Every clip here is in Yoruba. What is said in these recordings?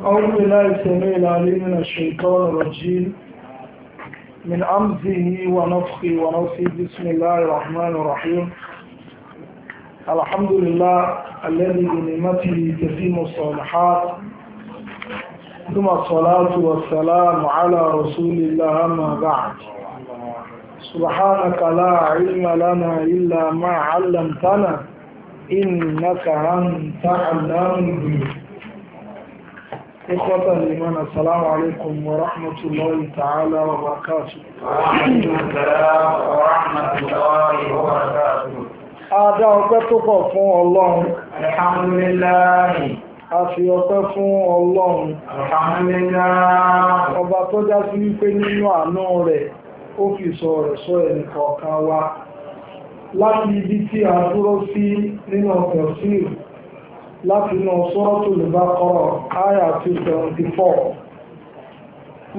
أعوذ بالله السميع العليم من الشيطان الرجيم من أمزه ونفخه ونفخه بسم الله الرحمن الرحيم الحمد لله الذي بنعمته تتم الصالحات ثم الصلاة والسلام على رسول الله أما بعد سبحانك لا علم لنا إلا ما علمتنا إنك أنت علام الغيوب إخوة الإيمان السلام عليكم ورحمة الله تعالى وبركاته وعليكم السلام ورحمة الله وبركاته Adá ọpẹ́ tó pọ̀ fún Ọlọ́run. Alhamdulillahi. A fi fún Ọlọrun. Alhamdulillahi. Ọba tó já sí nínú rẹ̀, ó fi sọ rẹ̀ sọ kọ̀ọ̀kan wa. Láti ibi tí a dúró nínú sí láti inú Suratul Baqara àyà 274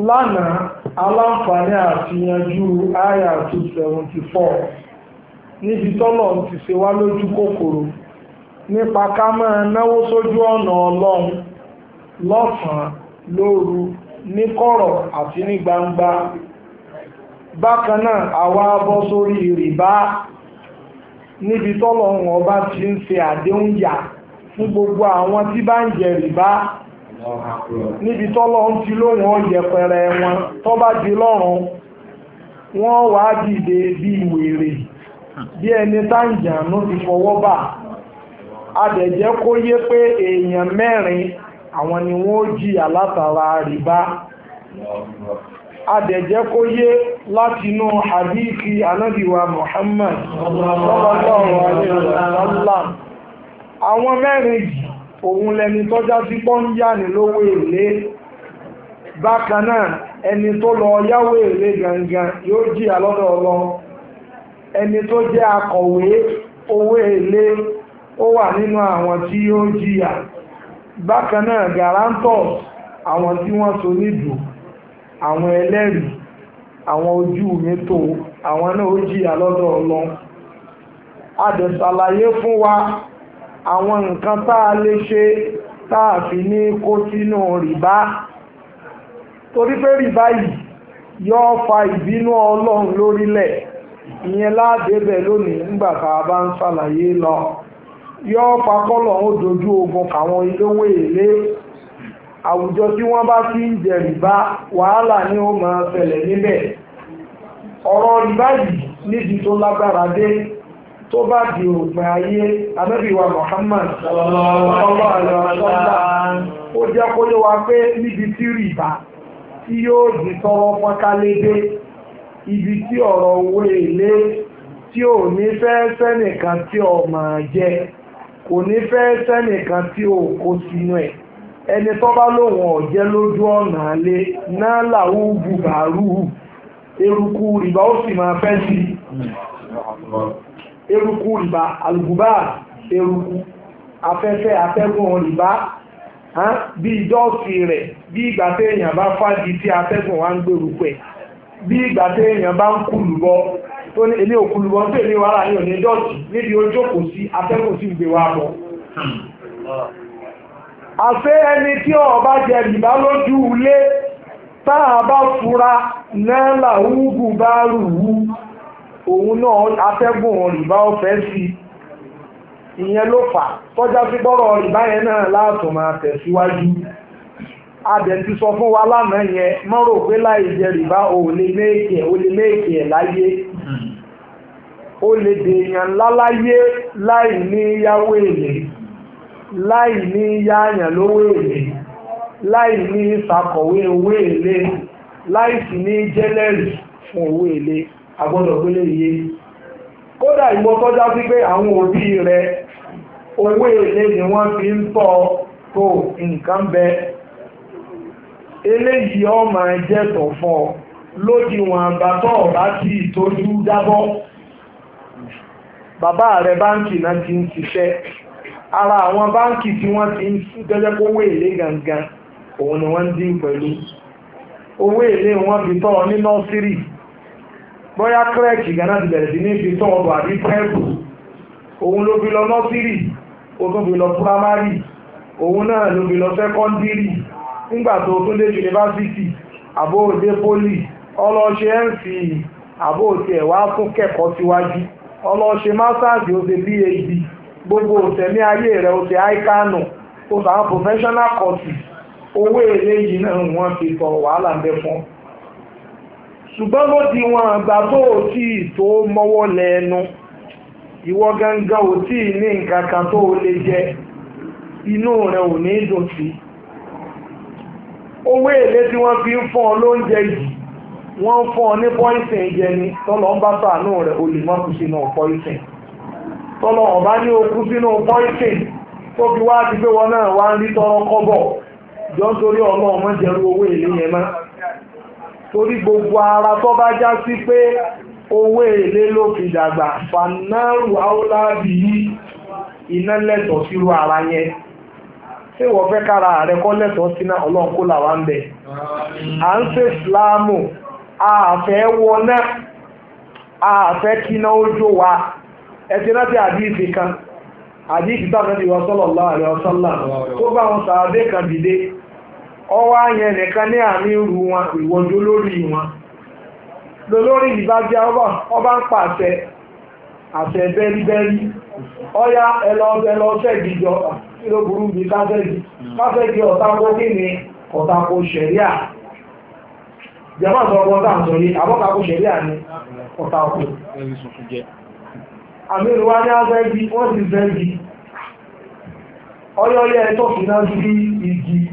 lánàá aláǹfààní àti yanjú àyà 274 níbi tọ́lọ̀ ti ṣe wá lójú kòkòrò nípa ká máa náwó sójú ọ̀nà ọlọ́run lọ́sàn-án lóru ní kọ̀rọ̀ àti ní gbangba bákan náà àwa bọ́ sórí rìbá níbi tọ́lọ̀ ọba ti ń ṣe àdéhùn yà fún gbogbo àwọn tí bá ń jẹ rìbá níbi tọ́lọ́ ń ti lóhùn ọ̀yẹ̀pẹ̀rẹ̀ wọn tó bá di lọ́rùn wọ́n wàá dìde bí wèrè bí ẹni táǹjà ti fọwọ́ bà adẹ̀jẹ́ kó yé pé èèyàn mẹ́rin àwọn ni wọ́n jìyà látara rìbá adẹ̀jẹ́ kó yé látinú hadithi anábìwa Muhammad sallallahu alaihi wasallam àwọn mẹ́rin yìí òun lẹni tọ́já sí pọ́ńyà ní lówó èlé bákan náà ẹni tó lọ yáwó èlé gangan yóò jìyà lọ́dọ̀ ọlọ́ ẹni tó jẹ́ akọ̀wé owó èlé ó wà nínú àwọn tí yóò jìyà bákan náà guarantors àwọn tí wọ́n so nídùú àwọn ẹlẹ́rìí àwọn ojú mẹ́tò àwọn náà ó jìyà lọ́dọ̀ ọlọ́ adẹ̀sàlàyé fún wa àwọn nǹkan tá a lè ṣe tá a fi ní kó sínú rìbá torí pé rìbá yìí yóò fa ìbínú ọlọ́run lórílẹ̀ ìyẹn ládébẹ̀ lónìí nígbà tá a bá ń ṣàlàyé lọ yóò fa kọ́lọ̀ ó dojú ogun káwọn ilówó èlé àwùjọ tí wọ́n bá ti ń jẹ rìbá wàhálà ni ó máa ṣẹlẹ̀ níbẹ̀ ọ̀rọ̀ rìbá yìí níbi tó lágbára dé tó bá di òpin ayé anábìwa Muhammad ọlọ́wọ́ àlọ́sọ́lá ó jẹ́ kó yé wa pé níbi tí rìbá tí yóò di tọrọ fọ́nkálédé ibi tí ọ̀rọ̀ owó èlé tí ò ní fẹ́ sẹ́nìkan tí ò máa jẹ kò ní fẹ́ sẹ́nìkan tí ò kó sínú ẹ̀ ẹni tó bá lóun ọ̀jẹ́ lójú ọ̀nà alẹ́ náà làwù bùbàrù eruku rìbá ó sì máa fẹ́ sí i eruku rìbá àlùbùbá eruku afẹ́fẹ́ atẹ́gùn rìbá bí ìjọ́sìn rẹ̀ bí ìgbà tí èèyàn bá fàájì tí atẹ́gùn wa ń gbèrú pẹ̀ bí ìgbà tí èèyàn bá ń kú lùbọ́ tó ní èmi ò kú lùbọ́ tó èmi wàhálà ní òní dọ́ọ̀tì níbi ó jókòó sí atẹ́gùn sì ń gbé wa bọ̀. àṣé ẹni tí ọba jẹ rìbá lójú ilé tá a bá fura náà làwọn gùn bá rù wú òun náà atẹ́gùn rìbá ọ̀fẹ́ sí i ìyẹn ló fà tọ́já sí gbọ́rọ̀ rìbá yẹn náà láàtò máa tẹ̀síwájú adẹ̀ ti sọ fún wa lánàá yẹn mọ́rò pé láì jẹ rìbá o lè méèkì ẹ̀ o lè méèkì ẹ̀ láyé o lè dèèyàn ńlá láyé láì ní yáwó èlé láì ní yáàyàn lówó èlé láì ní ìsàkọ̀wé owó èlé láì sì ní jẹ́lẹ́rì fún owó èlé agbọ́dọ̀ tó lè yé kódà ìwọ tọ́já sí pé àwọn òbí rẹ owó èlé ni wọ́n fi ń tọ́ tó nǹkan bẹ eléyìí ọ máa jẹ́tọ̀ fún ọ lódiwọ̀n àgbàtọ̀ ọ̀bá tí ìtọ́jú jábọ́ bàbá rẹ báńkì náà ti ń ṣiṣẹ́ ara àwọn báńkì tí wọ́n ti ń gẹ́gẹ́ kó owó èlé gangan òun ni wọ́n ń dín pẹ̀lú owó èlé wọn fi tọ́ ọ ní nọ́sírì bóyá kírẹ́ẹ̀kì gánà ti bẹ̀rẹ̀ sí ní fi tán ọdọ̀ àbí pẹ́ẹ̀pù òun ló fi lọ nọ́sírì ó tún fi lọ púrámárì òun náà ló fi lọ sẹ́kọ́ndírì nígbà tó tún dé yunifásitì àbó òde pólì ọlọ́ọ̀ṣẹ́ nce àbó òtí ẹ̀ wá fún kẹ́kọ̀ọ́ síwájú ọlọ́ọ̀ṣẹ́ masters ó ṣe phd gbogbo òtẹ̀mí ayé rẹ̀ ó ṣe àìkánù ó sàn án professional courses owó èlé yìí náà wọ́n fi sọ wàhálà ń bẹ fún ọ ṣùgbọ́n ló di wọn àgbà tó ò tí ì tó mọ́wọ́ lẹ́nu ìwọ gangan ò tí ì ní nǹkan kan tó o lè jẹ inú rẹ ò ní dùn sí owó èlé tí wọ́n fi ń fún ọ lóúnjẹ yìí wọ́n ń fún ọ ní pọ́ìsìn jẹ ni tọ́lọ̀ ń bá sàánú rẹ̀ o má kú sínú pọ́ìsìn tọ́lọ̀ ọ̀bá ní okú sínú pọ́ìsìn tó fi wá ti pé wọn náà wá ń rí tọrọ kọ́bọ̀ jọ́ nítorí ọlọ́run mọ́ jẹ́rú owó èlé yẹn máa torí gbogbo ara tó bá já sí pé owó èlé ló fi dàgbà fanáàrù áúláàbì iná sírú ara yẹn ṣé wọ́n fẹ́ kára ààrẹ kọ́ lẹ́tọ̀ọ́ síná ọlọ́run kó làwa ń bẹ̀ à ń ṣe ìsìláàmù àfẹ́ wọná àfẹ́ kíná ojú wa ẹ̀sìn adi àdíìsì kan àdíìsì táwọn ẹni wọ́n sọ́lọ̀ lọ́wọ́ àrẹ ọ̀sọ́lá tó bá wọn sàádé ọwọ́ ayẹ nìkan ní àmì ìrù wọn ìwọ̀njú lórí wọn lórí ìbájá ọba ń pàṣẹ àṣẹ bẹ́rìbẹ́rì ọya ẹlọ ẹlọ ṣẹ́gìjọ kí ló burú bí ọ̀tako kí ọ̀tako ṣẹ̀ríà jẹ́mọ́ tá à ń sọ yìí àbọ́kako ṣẹ̀ríà ni ọ̀tako wa ní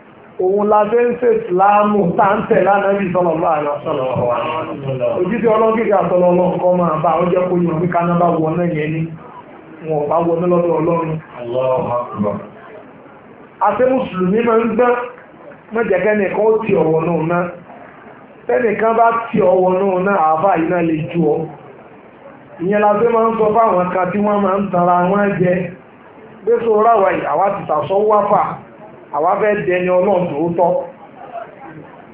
òun la fẹ́ ń ṣe ìsìláàmù tá ń lánàbí sọ̀rọ̀ bá ala sọ̀rọ̀ wa òjijì máa bá ọ kó yẹ omi kaná bá wọ náà yẹn wọn ò bá wọ ní lọ́dọ̀ ọlọ́run. àti mùsùlùmí máa ń gbọ́n mẹ́jẹ̀kẹ́ nìkan ó ti náà tẹ́nìkan bá ti náà àáfà yìí náà lè la máa ń sọ fáwọn kan tí wọ́n máa ń tanra jẹ àwa fẹ́ dẹni ọlọ́run tòótọ́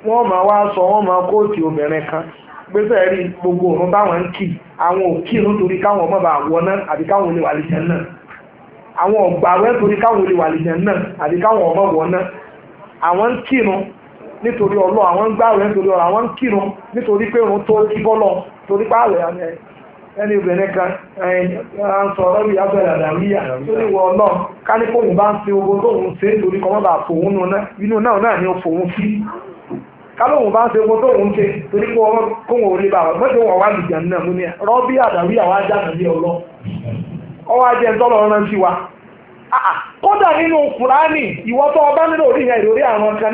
wọ́n máa wá sọ wọ́n máa kóòtù obìnrin kan gbèsè rí gbogbo òun báwọn ń kì àwọn ò kí nítorí káwọn ọmọ bá wọ náà àbí káwọn olè wà lè jẹ náà àwọn ọ̀gbàwẹ́ torí káwọn olè wà lè jẹ náà àbí káwọn ọmọ wọ náà àwọn ń kírun nítorí ọlọ́ àwọn ń gbàwẹ́ nítorí ọlọ́ àwọn ń kírun nítorí pé òun tó kí bọ́lọ̀ torí pé àwẹ̀ ẹni obìnrin kan à ń sọ abẹ́rẹ́ àdàríyà tó ní wọ bá ń owó ṣe fòun náà inú náà náà ni ó fòun sí kálóhùn bá ń ṣe owó tóun ṣe torí kóhun ò lè bá wọn mọ́tò wọn wá náà mú ni rọ́bì wá ọlọ́ wa kódà nínú kùránì ọba nínú ìròrí àwọn kan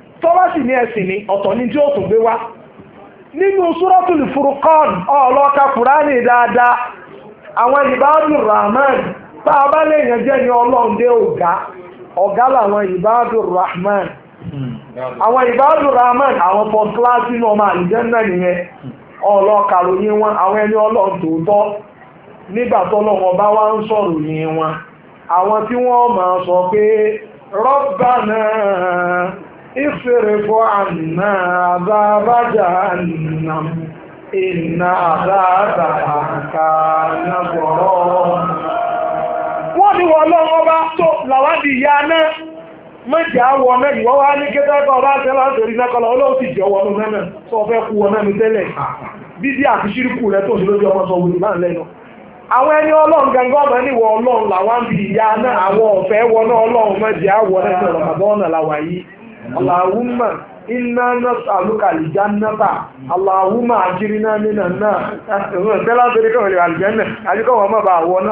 tọ́lá sì ní ẹ̀sìn ni ọ̀tọ̀ ní tí ó tún gbé wá nínú súrọ́tùlù furukọ́n ọlọ́ka kùránì dáadáa àwọn rahman bá a bá lèèyàn jẹ́ ní ọlọ́run ọ̀gá ọ̀gá rahman àwọn ìbáàdù rahman àwọn first class nínú ọmọ àlùjànnà nìyẹn ọlọ́ka ròyìn wọn àwọn ẹni nígbà bá wá ń sọ̀rọ̀ wọn àwọn sọ pé rọ́bà ìfèrèfọ́ àná àbábájà àná ìná àbábà àkà nàbọ̀rọ̀. wọ́n ní wọ́n lọ́wọ́ bá tó làwádìí ya náà méjì àwọ̀ náà ìwọ́ wá ní kẹ́tẹ́kọ̀ bá tẹ́ láti rí jẹ́ tó kú wọn tẹ́lẹ̀ bíbí àti rẹ tó ọmọ sọ máa lẹ́nu àwọn ẹni ọlọ́run ọlọ́run ìyá náà àwọn ọ̀fẹ́ ọlọ́run méjì àwọ̀ náà Allahumma iná àlùkà àlìjá náà Allahumma àjírínà nínà náà ẹ̀rọ na láti rí kọ̀wé àlìjá náà àjíkọ̀wọ́ mọ̀ na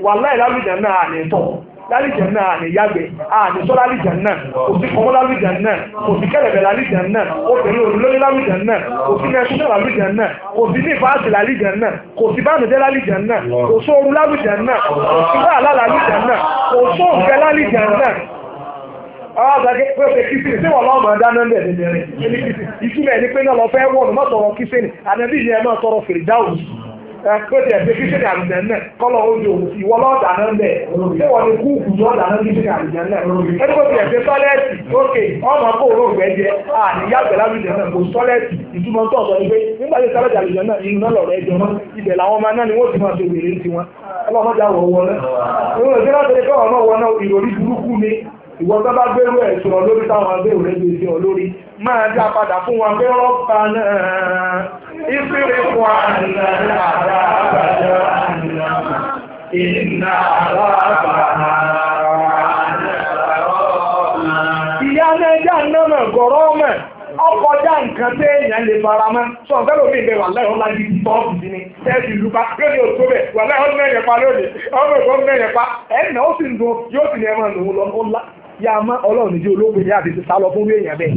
wàláì lálùjẹ̀ náà àní tọ̀ lálùjẹ̀ náà àní yàgbẹ́ àní sọ lálùjẹ̀ náà kò sí kọ́mọ́ lálùjẹ̀ náà kò sí kẹlẹ̀bẹ̀ lálùjẹ̀ náà obìnrin olùlóyún lálùjẹ̀ náà kò sí mẹ́sùn lálùjẹ̀ náà kò sí nífàásì lálùjẹ̀ náà kò sí bánújẹ́ lálùjẹ̀ náà kò sóoru lálùjẹ̀ náà kò sí wàhálà lálùjẹ̀ náà kò sóòǹkẹ́ lálùjẹ̀ náà àwọn àgbàgbé pé kìsìn sí wọn lọ́mọ dáná ń bẹ̀rẹ̀ bẹ̀rẹ̀ náà lọ fẹ́ wọ̀nù mọ́tọ̀rọ̀ kìsìn àdàbí ìyẹn náà tọrọ fèrè dáhùn kóòtù ẹ̀sẹ̀ kíṣìkì àlùjẹ̀ náà kọ́lọ̀ ojú òun sí ìwọ lọ́ọ̀dà náà ń bẹ̀ ṣé wọ́n ní kúùkù lọ́ọ̀dà náà kíṣìkì àlùjẹ̀ náà ẹni kóòtù ẹ̀sẹ̀ tọ́lẹ́ẹ̀tì ókè ọmọ kó òró ògbẹ́ jẹ àníyá gbẹ̀lá àlùjẹ̀ náà kò tọ́lẹ́ẹ̀tì ìtumọ̀ tó ọ̀sọ̀ ni pé nígbà tí tọ́lẹ́ẹ̀tì àlùjẹ̀ náà inú náà lọ̀rọ̀ ẹjọ́ náà ibẹ̀ làwọn ọmọ náà ni wọ́n ti máa ṣe wèrè ń tiwọn ọlọ́mọdé àwọ̀ wọlé ìwọ tó bá gbérú ẹ̀ sọ̀rọ̀ táwọn agbérù rẹ̀ sí ọ máa dá padà fún wọn pé rọ́pà náà ìfìrí fún àná àrà àbàjọ ìnà àrà àbàjọ náà gọ̀rọ̀ ọmọ ọkọjá nǹkan èèyàn lè fara mọ́ sọ lómi wà yìí sí ni tẹ́ẹ̀sì bẹ̀ wà mẹ́rin pa ọmọ mẹ́rin pa ó sì ń yóò sì yá a mọ́ ọlọ́run níjẹ́ olóògbé ní àti sálọ fún èèyàn bẹ́ẹ̀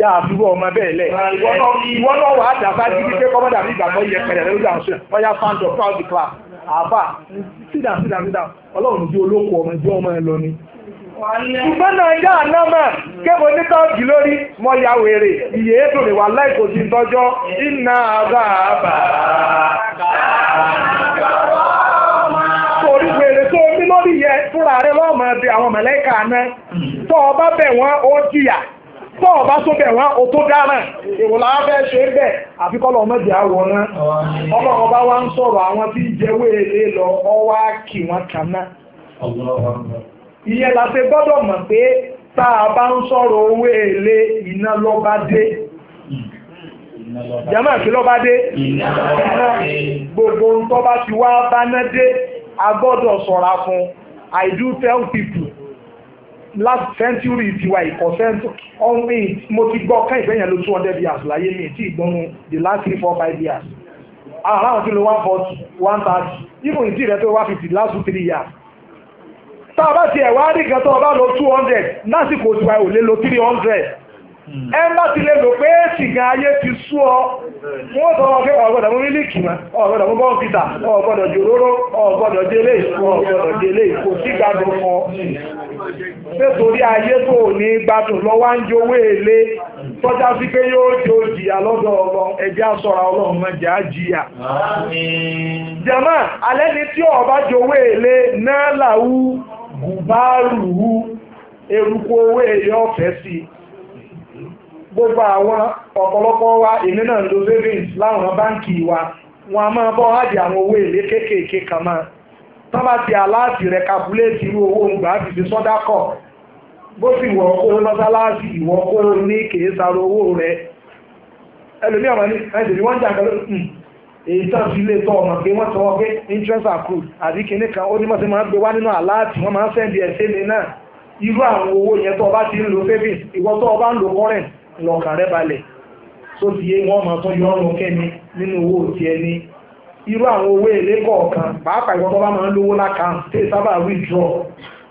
yaa àbúrò ọmọ bẹ́ẹ̀ lẹ̀ ìwọ náà wà á dàbá di wípé kọ́mọ́dà mi gbàgbọ́ yẹ pẹ̀lẹ́ lórí àwọn wọ́n yá àbá sídà sídà sídà ọlọ́run olóko ọmọ ọmọ ẹ lọ ni. náà yá àná mọ̀ ní lórí mọ ya wèrè ìyè ètò rẹ̀ wà sí tọ́jọ́ iná àbá àbá wèrè tó ní lórí yẹ fúnra rẹ̀ tọ́ ọ̀bá tó wá ṣe bẹ̀ àwòrán ọba wa ń sọ̀rọ̀ àwọn tí ń lọ ọwá kì wọ́n ìyẹn gbọ́dọ̀ mọ̀ pé tá a bá ń sọ̀rọ̀ owó èlé iná lọ́ba dé jama gbogbo ń tọ́ bá ti wá bá a gbọ́dọ̀ I do tell people last century tiwa ìkọ̀ century ọ̀hún mo ti gbọ́ ká ìfẹ́ yẹn lo two hundred years láyé mi tí ìgbọ́nu the last three four five years around kí ló one forty one thirty even ìdí rẹ tó one fifty last two three years tá a bá ti ẹ̀wá rí nǹkan tó o bá lo two hundred lásìkò tiwa ò lè lo three hundred hmm. ẹ má ti lè lò pé sìgá ayé ti sú ọ. wọ́n tọ́ wọn pé ọ̀gbọ́dọ̀ mú mílíkì mọ́ ọ̀gbọ́dọ̀ mú bọ́ǹpítà ọ̀gbọ́dọ̀ jòróró ọ̀gbọ́dọ̀ délé ọ̀gbọ́dọ̀ délé kò sí gbádùn nítorí ayé tó ní gbádùn lọ́wọ́ ń jowó èlé tọ́já sí pé yóò jó jìyà lọ́dọ̀ ọlọ́run máa alẹ́ ni tí ọba jowó èlé náà làwú gùbárù eruku owó èyí ọ̀fẹ́ sí i gbogbo àwọn ọ̀pọ̀lọpọ̀ wa èmi náà lo savings láwọn báǹkì wa wọn a máa bọ́ áàdì àwọn owó èlé kéékèèké kan máa tán bá ti aláàtì rẹ̀ kábúlẹ́ẹ̀tì irú owó òǹgbà fi fi sọ́dá kọ̀ bó sì wọ̀ kó kó ní kèé sáré owó rẹ̀ wọn ni ẹsẹ̀ ni wọ́n jà hmm, èyí ọmọ pé wọ́n sọ wọ́n pé interest accrued àbí kan ó ní mọ̀ sí máa ń savings tó o bá ń lọ́ọ̀kà rẹ balẹ̀ tó ti yé wọ́n mọ̀ tó yọ ọ́rùn kẹ́ni nínú owó ti ẹni irú àwọn owó èlé kọ̀ọ̀kan pàápàá ìwọ́n tó bá máa ń lówó lákàá tẹ́ sábà withdraw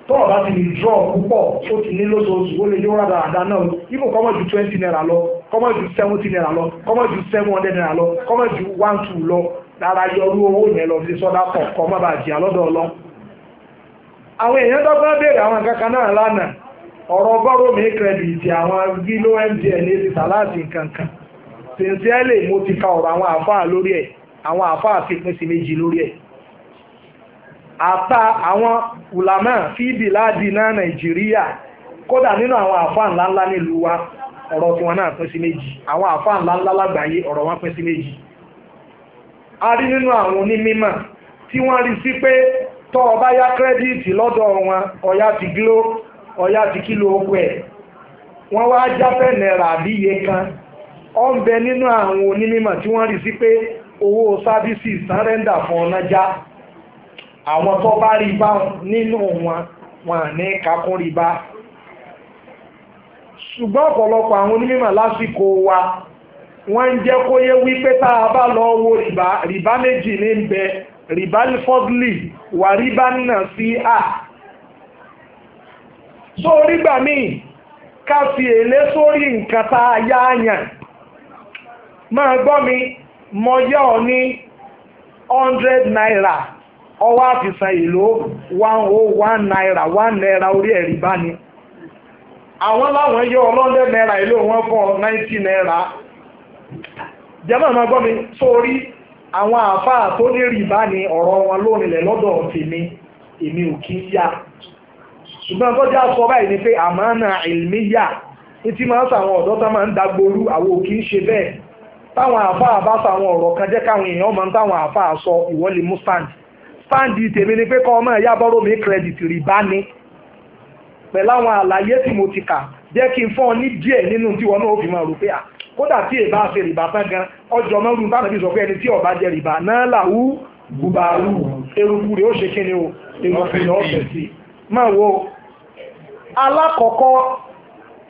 tó o bá ti withdraw púpọ̀ ó ti ní lóṣooṣù ó lè rádà àdá náà ibò kọ́mọ̀ ju twenty naira lọ kọ́mọ̀ ju seventy naira lọ kọ́mọ̀ ju seven hundred naira lọ kọ́mọ̀ ju one two lọ lára yọrú owó yẹn lọ sí sọ́dá kọ̀ọ̀kan má bàa jìyà lọ́dọ̀ ọlọ́ àwọn èèyàn béèrè àwọn kankan náà lánàá ọ̀rọ̀ ún mi kírẹ́dìtì àwọn gílò mtn ti sàláàtì kankan sincerely mo ti ka ọ̀rọ̀ àwọn àfáà lórí ẹ̀ àwọn àfáà ti pín sí méjì lórí ẹ̀ àta àwọn ulama fíìbì láàdì náà nàìjíríà kódà nínú àwọn àfáà ńláńlá nílùú wa ọ̀rọ̀ tiwọn náà pín sí méjì àwọn àfáà ńláńlá lágbàáyé ọ̀rọ̀ wọn pín sí méjì a rí ọ̀yá ti kí ló kú ẹ̀ wọ́n wá jáfẹ́ náírà àbí iye kan ó ń bẹ nínú àwọn onímọ̀ tí wọ́n rí sí pé owó sábìsì sàrẹ́ndà fún ọ̀nà já àwọn tó bá rí bá nínú wọn wọn ní kakún rí bá ṣùgbọ́n ọ̀pọ̀lọpọ̀ àwọn onímọ̀ lásìkò wa wọ́n ń jẹ́ kó yé wípé tá a bá lọ wo rìbá rìbá méjì ní ń bẹ rìbá fọ́dúlì wà rìbá náà sí à so orígbà míì ká èlé sórí nǹkan tá a yá àyàn máa gbọ́ mi ní hundred naira ọwọ́ àfisàn ìlú one oh one naira one naira orí ẹ̀rí ni àwọn láwọn yọ ọ 100 naira ìlú wọn fún naira jẹ́mọ̀ máa gbọ́ sórí àwọn àáfàá tó ní ọ̀rọ̀ wọn lónìí tèmi èmi ò kí ń yá ṣùgbọ́n tó já sọ báyìí ni pé àmánà ìlmíyà ní tí máa ń sàwọn ọ̀dọ́ tá máa ń dagboru àwọn ò kì í ṣe bẹ́ẹ̀ táwọn àáfàá bá sàwọn ọ̀rọ̀ kan jẹ́ káwọn èèyàn máa ń táwọn àáfàá sọ ìwọ́n lè mú stand stand tèmi ni pé kọ́ ọmọ ẹ̀yà bọ́rọ̀ mi credit rí bá ní pẹ̀lú àwọn àlàyé tí mo ti kà jẹ́ kí n fún ọ ní díẹ̀ nínú tí wọn náà fi máa rò pé à kódà tí èbá ṣe rìbá tán gan ọjọ́ mọ́rùn bá nàbí sọ pé ẹni tí ọba jẹ rìbá náà làwú bùbàrù eruku rẹ̀ ó ṣe kíni o èrò fi lọ́ọ̀fẹ̀ sí máa wo alákọ̀ọ́kọ́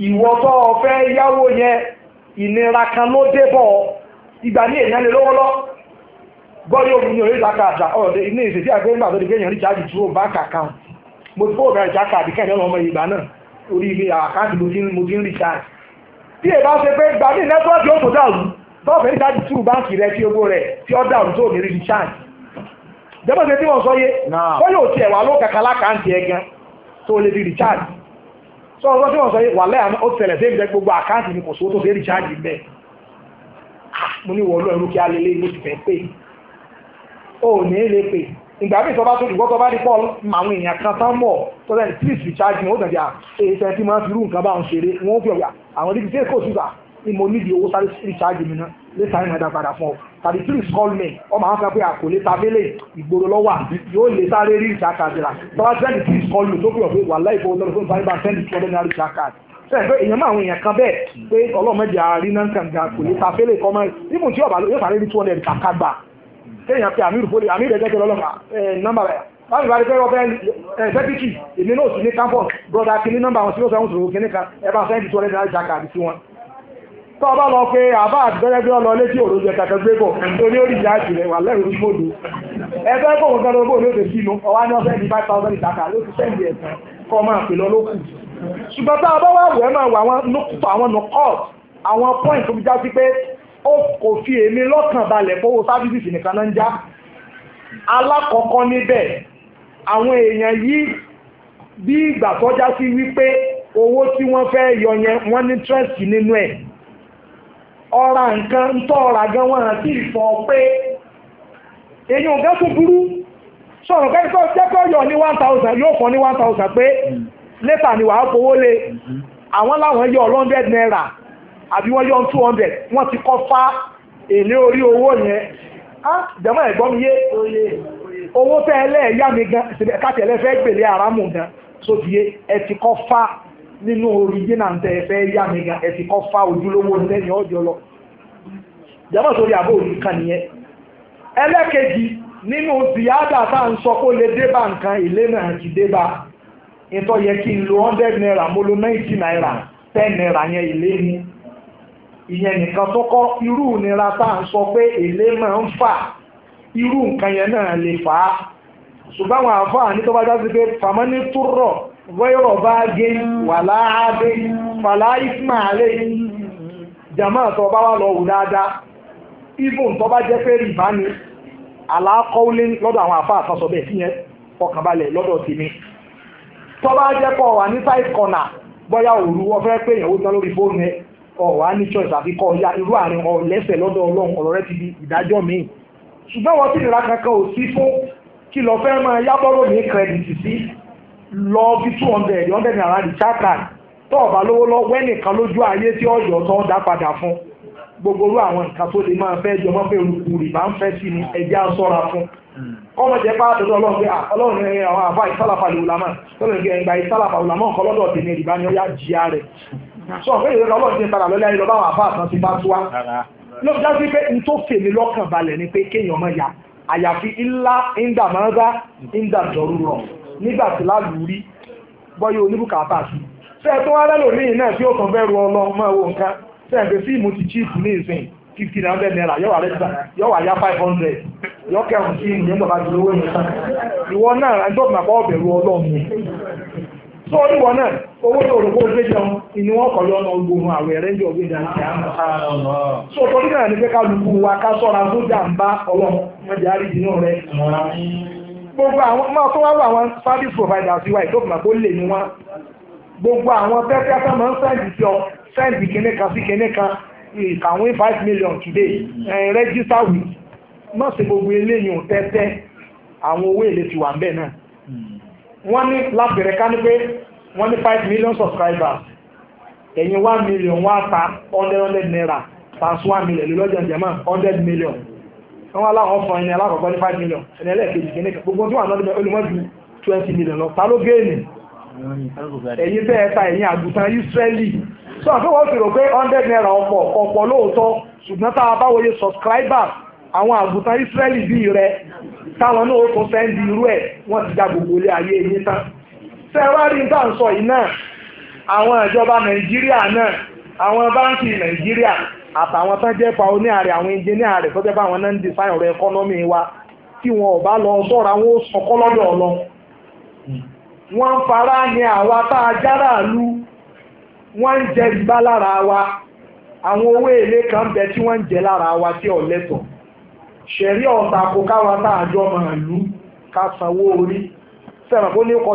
ìwọ tó yáwó yẹn ìnira kan ló débọ̀ ìgbà ní èèyàn lè lọ́wọ́lọ́ bọ́ọ̀lù òun ni oríta káàdà ọ̀dẹ ilé ìṣèṣì àgbẹ̀ngbà tó di kéèyàn rí jáde dúró kàkà mo ti àbíkẹ́ ọmọ ìgbà náà orí ilé àkáǹtì mo ti ń bí èèyàn bá ṣe pé gbà ní nẹ́tíwọ́ọ̀kì ó tó dàrú bọ́ọ̀fẹ́ rẹ tí owó rẹ tí ó dàrú tó ní sọ ọ̀rọ̀ tí wọ́n sọ wà lẹ́yìn ó tẹ̀lẹ̀ sí ìbílẹ̀ gbogbo àkáǹtì mi kò sówó tó ṣe rí jáàjì bẹ́ẹ̀ ah, mo ní wọ́n lọ ẹrú kí ti fẹ́ pé o ò ní lè pè ìgbà bí ìtọ́ba tó bá àwọn èèyàn kan tán mọ̀ tó ó ah, tí tí mo nídìí owó sáré sí ìṣáájú mi náà létà ìrìn àdá padà fún ọ tàbí tí ìsọ́ọ̀lù mi ọmọ àwọn kan pé àkò létà abélé ìgboro lọ́wọ́ yóò lè sáré rí ìṣàkàdìrà tọ́lá sẹ́ni tí ìsọ́ọ̀lù tó pè ọ̀fẹ́ wà láì fọwọ́ lọ́dún fún ìbá sẹ́ni tí ọdún náà rí ìṣàkàdì sẹ́ni pé èèyàn máa àwọn èèyàn kan bẹ́ẹ̀ pé ọlọ́mọdé àárín náà kàn ga kò létà abélé kọ́mọ́ ibùn tí ọ̀bà yóò sáré rí two hundred kàkàgbà kéèyàn pe àmì ìrùfọ́lẹ̀ àmì ìrẹ́gẹ́gẹ́ lọ́lọ́mà ẹ̀ nọ́mbà láti bàrí pẹ́rọ pẹ́ ẹ̀ẹ́dẹ́bìtì èmi náà sì ní campus brother kìíní nọ́mbà wọn sí ó sọ àwọn òṣèrò kìíní kan ẹ̀bá sẹ́ńtì tó ọ̀rẹ́dẹ́ láti jàkà àbí sí wọn tọ́ bá lọ pé àbá àtìgbẹ́gbẹ́ ọlọ létí òròjẹ kàkẹgbẹ́ bọ̀ tó ní orí ìjà ìjìnlẹ̀ wà lẹ́rù gbòdò ẹgbẹ́ kò wọ́n kẹ́rọ bóòlù òde sínú ọwá ní ọ̀fẹ́ ní five thousand ìdáka ló ti sẹ́ndì ẹ̀sán kọ́ máa pè lọ lókù ṣùgbọ́n tá a bá wà wọ̀ máa wà àwọn nukutọ̀ àwọn nukọ́ọ̀t àwọn point tó fi já sí pé ó kò fi èmi lọ́kàn balẹ̀ fowó sáfíìsì nìkan náà ń já alákọ̀ọ́kọ́ níbẹ̀ àwọn èèyàn yìí bí ìgbà tó já sí wípé owó tí wọ́n fẹ́ yọ yẹn wọ́n ní trust nínú ẹ̀ ọra nkan ń ọra gan wọn àti pé èyí ò gẹ́sùn burú sọ̀rọ̀ kẹ́kẹ́ tó ní one thousand yóò fọ́ ní one thousand pé lẹ́tà ni wàá fowó lé àwọn láwọn yọ naira àbí wọ́n yọ two hundred wọ́n ti kọ́ fa èlé orí owó yẹn á jẹ́mọ́ ẹ̀gbọ́n mi yé owó tẹ́ mi gan gbèlé àrámù gan ẹ ti kọ́ nínú original tẹ ẹ fẹ́ yá mi gan ẹ fa ojúlówó lẹ́yìn ọjọ́ lọ jàmọ́ sórí àbó òní nìyẹn nínú ziyada tá à ń sọ kó lè débà nǹkan ti débà ìtọ́ yẹ kí n lo hundred naira mo lo ninety naira ten naira yẹn ilé ni ìyẹn nìkan tó irú ìnira tá à ń sọ pé ilé máa ń fà irú nǹkan yẹn náà lè fà á ṣùgbọ́n àwọn ní túrọ̀ wẹ́rọ̀ bá gé wà láàádé fàlá ìsmáàlé jàmá tó bá wà lọ wù dáadáa even tó bá jẹ́ pé rìbá ni aláàkọ́wọ́lé lọ́dọ̀ àwọn àfáà kan sọ bẹ́ẹ̀ sí yẹn fọkànbalẹ̀ lọ́dọ̀ tèmi tó bá jẹ́ pọ̀ wà ní side corner bóyá òru wọ́n fẹ́ pé ìyàwó tán lórí fóònù ẹ̀ ọ̀wá ní choice àfi kọ́ ya irú àárín ọ̀ lẹ́sẹ̀ lọ́dọ̀ ọlọ́run ọ̀rọ̀ rẹ ti di ìdájọ́ mi ṣùgbọ́n wọ́n sì nira kankan ò sí fún kí lọ fẹ́ máa yábọ́rò ní kírẹ́dìtì sí lọ bí two hundred hundred naira di tó lówó lọ wẹ́nìkan lójú ayé tí ọ̀yọ́ tó dá padà fún gbogbo àwọn nǹkan tó lè máa fẹ́ jọ mọ́ pé olùkù ń fẹ́ sí ni ẹ̀jẹ̀ sọ́ra fún hmm. ọmọ jẹ́ pàtó ọlọ́run pé ọlọ́run àwọn àfa ìsálàfà lè ìsálàfà tèmi jìyà rẹ̀ sọ pé ọlọ́run ti ń padà lọ́lẹ́ ayé nigbati tí lálùú rí bọ́yá oníbùkátà sí ṣe tó wá lẹ́lòmíì náà tí ó kàn bẹ́ẹ̀ ru ọlọ́mọ ẹ̀wọ̀ nǹkan ṣe ẹ̀gbẹ́ fíìmù ti chíìpù ní ìsìn naira yọ̀wà rẹ́gbà ya five hundred yọ̀kẹ́hùn sí ìyẹn bàbá ti lówó yẹn tán ìwọ náà ẹjọ́ màpá ọ̀bẹ̀rù ọlọ́run náà owó tó rògbò gbé jẹun ni wọ́n kọ̀ lọ́nà ogun àwẹ̀ rẹ̀ náà ní pé kálukú wa ká sọ́ra gbogbo àwọn máa tó wá wà àwọn service providers wa ìdókòmọ̀ tó lè ní wọn gbogbo àwọn pẹ́pẹ́ tó máa ń sẹ́ǹdì sí ọ sẹ́ǹdì kíní kan sí kíní kan ìkàwé five million today register with má ṣe gbogbo eléyìí ò tẹ́tẹ́ àwọn owó èlé ti wà ń bẹ̀ náà wọ́n ní lápẹ̀rẹ̀ ká ní pé wọ́n ní five million subscribers ẹ̀yin one million wá ta hundred hundred naira times one million lọ́jà jẹ̀mọ́ hundred million. wọn aláwọ̀ fún ẹni alákọ̀ọ́kọ́ ní five million ẹni kìíní kan gbogbo tí àná twenty million lọ ta ló géènì ẹ̀yin tẹ́ ẹ ta ẹ̀yin àgùntàn so sọ àfihàn fi rò pé naira ọpọ ọ̀pọ̀ lóòótọ́ ṣùgbọn tá a bá wòye subscribers àwọn rẹ táwọn náà ó tún irú ẹ̀ da gbogbo ilé ayé tán sẹ́wárí ń sọ yìí náà àwọn ìjọba àtàwọn tó jẹ́ pioneer rẹ̀ àwọn engineer rẹ̀ tó jẹ́ náà ń design ọ̀rọ̀ economy wa tí wọn ò bá lọ sọ́ra wọn ó sọkọ́ ọlọ. wọ́n fara ní àwa tá a jára wọ́n ń jẹ gbá lára wa àwọn owó èlé kan bẹ tí wọ́n ń jẹ lára wa tí ọ̀lẹ́tọ̀. ṣẹ̀rí ọ̀tà kò káwa tá a jọ máa ní kọ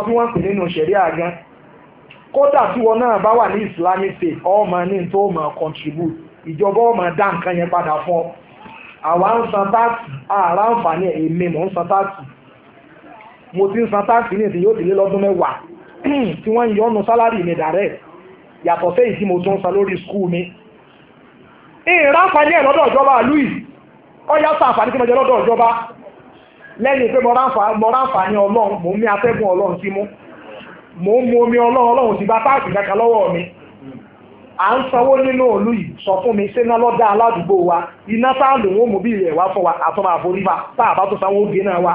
tí ìjọba ọmọ dá nǹkan yẹn padà fún ọ àwa ń san táàkì ààrá àǹfààní èmi mò ń san táàkì mo ti ń san táàkì ní ìsìn yóò ti lé lọ́dún mẹ́wàá tí wọ́n ń yọnu sálárì mi dàrẹ́ yàtọ̀ sẹ́yìn tí mo tún ń san lórí skul mi. ìrìn àǹfààní ẹ̀ lọ́dọ̀ ìjọba àlú yìí ó yá sàn àǹfààní tí mo jẹ lọ́dọ̀ ìjọba lẹ́yìn pé mo ráǹfààní ọlọ́run mò ń mí atẹ́gùn ọlọ́run sí mú mò ń mu omi ọlọ́run ọlọ́run ti bá táàkì kankan à ń sanwó nínú òlu yìí sọ fún mi ṣé nálọ́dá aládùúgbò wa iná sáà lòun ò mú bí ilẹ̀ wá fún wa àtọ́mọ àforífà tá a bá tó sanwó gbé náà wa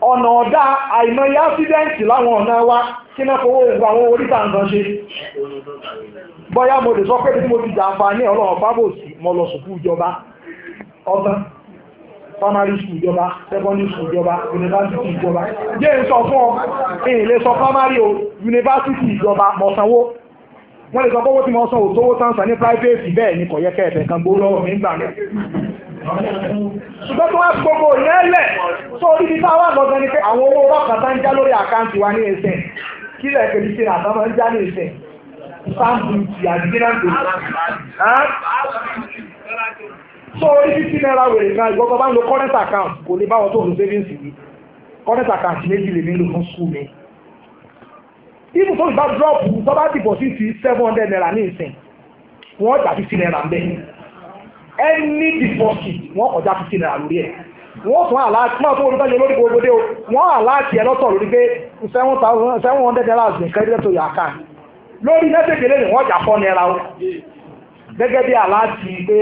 ọ̀nà ọ̀dá àìmọye ásídẹ́ǹtì láwọn ọ̀nà wa kí náà fowó ogun àwọn oríta nǹkan ṣe bọ́yá mo lè sọ pé tí mo ti jàǹfà ní ọlọ́run fábòsì mo lọ sùkú ìjọba ọgbọ́n primary school ìjọba secondary school ìjọba university ìjọba jẹ́ ń sọ fún ọ èèlé sọ primary o university ìjọba mọ̀sánwó wọ́n lè sọ pọ́wọ́ tí mo sọ òtówó tánṣà ní private bẹ́ẹ̀ ni kò yẹ kẹ́ẹ̀fẹ́ kan gbó lọ́wọ́ mi gbà mí. ṣùgbọ́n tí wọ́n gbogbo yẹn lẹ̀ tó orí ti táwọn àgbọ̀gbọ̀n ni pé àwọn owó rọ́ọ̀kàtà ń já lórí àkáǹtì wa ní ẹsẹ̀ kí lẹ̀ kèmí ṣe àtàwọn ń já ní ẹsẹ̀ sáàbùtì àdínàgbò so orí fifty naira wèrè kan ìgbọ́gbọ́ bá ń lo current account kò lè báwọn tó ń lo savings yìí current account méjì lè mí lò fún school mi even tó bá drop tó bá dìbò sí ti seven hundred naira ní ìsìn wọ́n gbà fifty naira ń bẹ any deposit wọ́n kọjá fifty naira lórí ẹ̀ wọ́n tún aláàtì máa tó olùdájọ́ lórí gbogbo dé o wọ́n aláàtì ẹ̀ lọ́tọ̀ lórí pé seven thousand seven hundred naira is credited to your account lórí mẹ́tẹ̀ẹ̀kẹ́lẹ́ ni wọ́n jà four naira o gẹ́gẹ́ bí aláàtì pé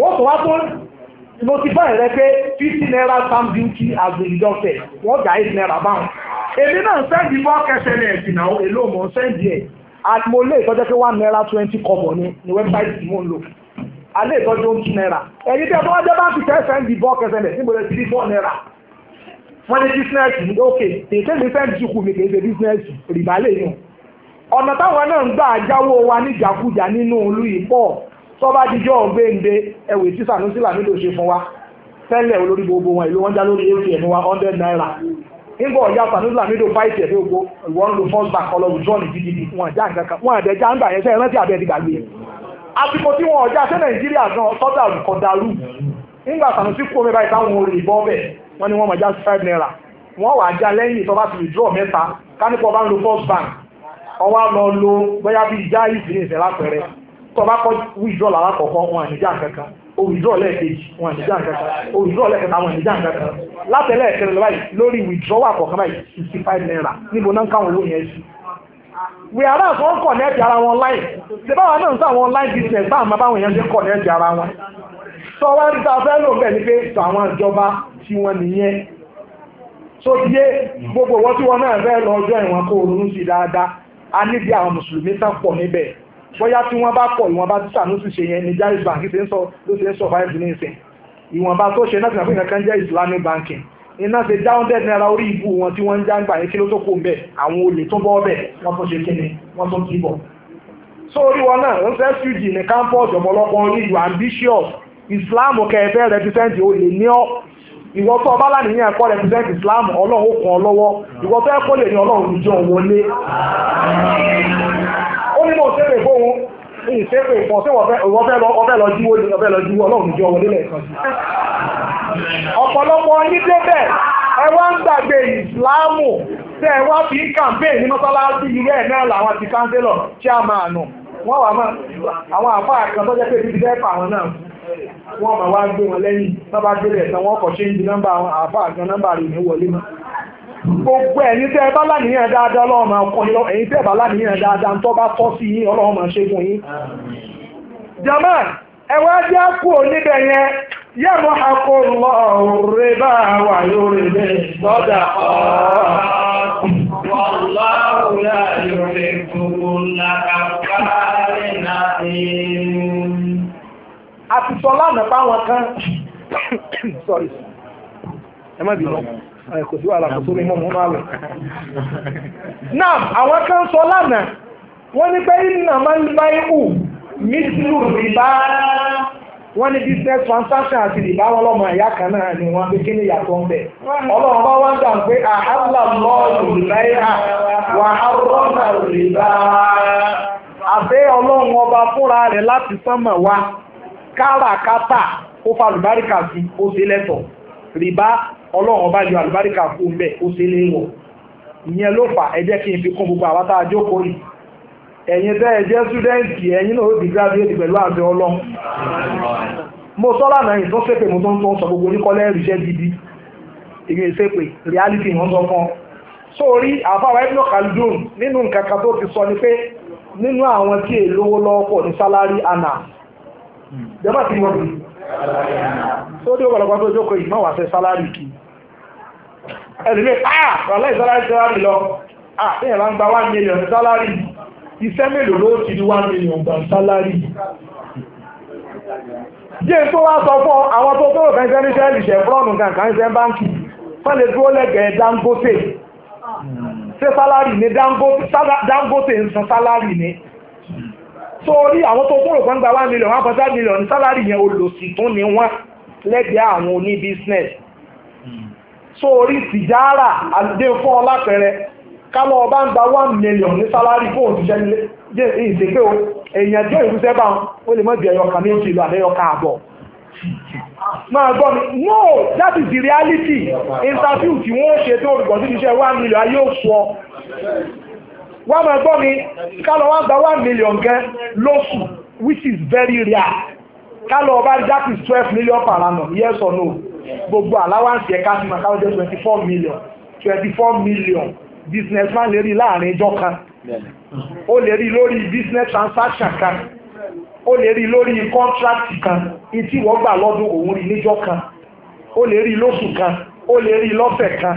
wọ́n tún wá tó notify rẹ pé fifty naira stamp duty as a deducted wọ́n gba eight naira báwọn. èmi náà ń sẹ́ndì bọ́ kẹsẹ̀ ní ẹ̀sìn náà èlò mọ̀ ń sẹ́ndì ẹ̀ àti mo lé ìtọ́jọ́ pé one naira twenty kọ́bọ̀ ni ní wẹ́bsáìtì tí mò ń lò alẹ́ ìtọ́jú ó ń tún náírà ẹ̀yin tí a tó wá jẹ́ báńkì tẹ́ sẹ́ńdì bọ́ kẹsẹ̀lẹ̀ níbo lè ti di four náírà wọ́n ní bísínẹ́sì ní òkè tètè business, sẹ́ńdì sùkú mi kì í ṣe bísínẹ́sì rìbá lè yàn ọ̀nà táwọn náà ń gbà jáwó wa níjàkújà nínú olú yìí pọ̀ tọ́ba jíjọ́ ọ̀gbẹ́ǹde ẹ̀wẹ̀ tí Sanusi Lamido ṣe fún wa tẹ́lẹ̀ olórí gbogbo wọn ìlú wọn já lórí atm wa hundred naira nígbà ọ̀yá Sanusi Lamido báyìí tẹ̀lé ogo ìwọ́n ń lo first bank ọlọ́run john gdp wọn àjá nǹkan kan wọn àdẹ̀já ń gbà yẹn sẹ́yìn rántí abẹ́ ti gbàgbé àsìkò tí wọn ọjà sẹ́ Nàìjíríà gan sọ́dà kọ̀ dàrú nígbà Sanusi kú omi báyìí táwọn orin ìbọn bẹ̀ wọ́n ní wọ́n mọ̀ já five naira wọ́n wà já lẹ́yìn ìtọ́ bá ti withdraw mẹ́ta kánípọ̀ bá ń lo first bank ọwọ́ á lọ lo bóyá bíi já ìsìn ìsẹ̀ lápẹ̀rẹ̀ tó bá kọ́ withdraw làwọn àkọ́kọ́ wọn àníjà kankan o withdraw lẹ́ẹ̀kejì wọn àníjà kankan o withdraw lẹ́ẹ̀kẹta wọn àníjà kankan látẹ̀lẹ́ ẹ̀kẹrẹ báyìí lórí withdraw àkọ́kọ́ báyìí sixty five naira níbo náà ń káwọn owó yẹn sí. we are not all connect ara wọn online ṣe báwa náà ń sọ àwọn online business báwa máa báwọn yẹn ṣe connect ara wọn. sọ wá ní ta fẹ́ lò bẹ́ẹ̀ ni pé sọ àwọn ìjọba tí wọ́n nìyẹn so díẹ̀ gbogbo wọn tí wọn náà fẹ́ lọ ọjọ́ ìwọ̀n kó ronú sí dáadáa a níbi àwọn mùsùlùmí sápọ̀ níbẹ̀ bóyá tí wọ́n bá pọ̀ ìwọ̀nba tí Sanusi ṣe yẹn ní Jaiz Bank ṣe ń sọ ló ṣe ń sọ five ní ìsìn ìwọ̀nba tó ṣe náà ti nàfẹ́ kankan jẹ́ Islamic banking iná ṣe dáhùndẹ̀ náírà orí ìbú wọn tí wọ́n ń já ń gbà yẹn kí ló tó kó bẹ̀ àwọn olè tó bọ́ bẹ̀ wọ́n tó ṣe kíni wọ́n tó kí bọ̀. so orí wọn náà ń fẹ́ fújì ní campus ọ̀pọ̀lọpọ̀ ìlú ambitious Islam kẹfẹ́ represent olè ní ìwọ tó ọba láníyàn ẹ̀kọ́ represent Islam ọlọ́run ó lọ́wọ́ ìwọ tó ẹ̀kọ́ lè ní ọlọ́run ìjọ wọlé. ó ní ọ sí lọ jíwó lọ jíwó ọlọ́run wọlé lẹ́ẹ̀kan sí. ọ̀pọ̀lọpọ̀ fi ń campaign ní mọ́sálásí ẹ̀ náà làwọn ti kánsílọ̀ chairman wọ́n wà máa àwọn àfáà kan tó jẹ́ pé ibi wọ́n ma wá gbé wọn lẹ́yìn nọ́mbà débẹ̀ tán wọ́n kọ̀ ṣéǹjì nọ́mbà àwọn àáfà àgbọn nọ́mbà rẹ̀ ní wọlé mọ́. gbogbo ẹ̀yin tẹ́ ẹ bá láníyàn dáadáa ọlọ́run máa kọ́ yín lọ ẹ̀yin tẹ́ ẹ bá láníyàn dáadáa ntọ́ bá tọ́ sí yín ọlọ́run máa ṣe fún yín. jama ẹ wá jẹ́ yẹn lọ bá wà lórí àti sọ lánàá fáwọn kan sorry ẹ má bínú kò sí wàhálà kò tó mi mọ́ máa wẹ̀. náà àwọn kan sọ lánàá wọ́n ní pé iná máa ń rìbá wọ́n ní business transaction àti rìbá wọn lọ́mọ ẹ̀yà kan náà ni wọ́n fi kí ni yàtọ̀ ń bẹ̀. ọlọ́run bá wá ń pé àhálà rìbá wà á rìbá. ọlọ́run ọba káràkátà ó fa àlùbáríkà sí ó ṣe lẹ́tọ̀ rìbá ọlọ́run ọba yọ àlùbáríkà kú ń bẹ̀ ó ṣe léwọ̀ ìyẹn ló fà ẹ jẹ́ kí n fi kún gbogbo àwọn tá a jókòó yìí ẹ̀yin tẹ́ ẹ jẹ́ súdẹ́ǹtì ẹ̀yin náà ó di gíráfíẹ́tì pẹ̀lú àbẹ ọlọ́run mo sọ lánàá yìí tó ṣépè mo tó ń tó ń sọ gbogbo oníkọ́lẹ́ ìrìṣẹ́ gidi ìrìn ìṣépè reality ìwọ̀n sọ fún ọ sórí àfáwà ibùdó kaldun nínú nǹkan kan tó ti sọ ni pé nínú àwọn tí èlówó lọ́pọ̀ ní sálárì àná jọba ti wọ́n bí tó dé ọ̀pọ̀lọpọ̀ tó jókòó yìí máa wà fẹ́ sálárì kí ẹ̀lẹ́lẹ́ ah wàhálà ìsálárì sálárì lọ ah bẹ́ẹ̀ bá ń gba one million sálárì iṣẹ́ mélòó ló ti di one million gbà sálárì jẹ́ tó wá sọ fún àwọn tó tó fẹ́ sẹ́ni sẹ́ni ṣẹ̀fúrọ́nù kankan ṣẹ́ báńkì wọ́n lè dúró lẹ́gẹ̀ẹ́ Dangote ṣé sálárì ni Dangote ń san sálárì ni torí àwọn tó kúrò kan gba one million one point five million ní sálárì yẹn olòṣì tún ni wọ́n lẹ́gbẹ̀ẹ́ àwọn oní business sórí tìjára àdéfọ́ lápẹẹrẹ kálọ̀ ọba ń gba one million ní salary, fún òṣìṣẹ́ ìṣèpé o èèyàn jẹ́ ìrúṣẹ́ bá wọn ó lè mọ́ bí ẹyọ kan méjì lọ àbẹ́yọ kan àbọ̀ máa gbọ́ mi no that is the reality interview tí wọ́n ṣe tó olùgbọ̀n sí iṣẹ́ one million ayé òṣùọ́ wọ́n máa gbọ́ mi kálọ̀ wá gba one million gẹ́ lóṣù which is very rare kálọ̀ ọba that is twelve million per annum yes or no gbogbo allowance yẹ ká sí ma káwọn jẹ́ twenty four million twenty four million businessman lè rí láàrin ijọ́ kan ó lè rí lórí business transaction kan ó lè rí lórí contract kan etí wọ́n gbà lọ́dún òun rí níjọ́ kan ó lè rí lóṣù kan ó lè rí lọ́sẹ̀ kan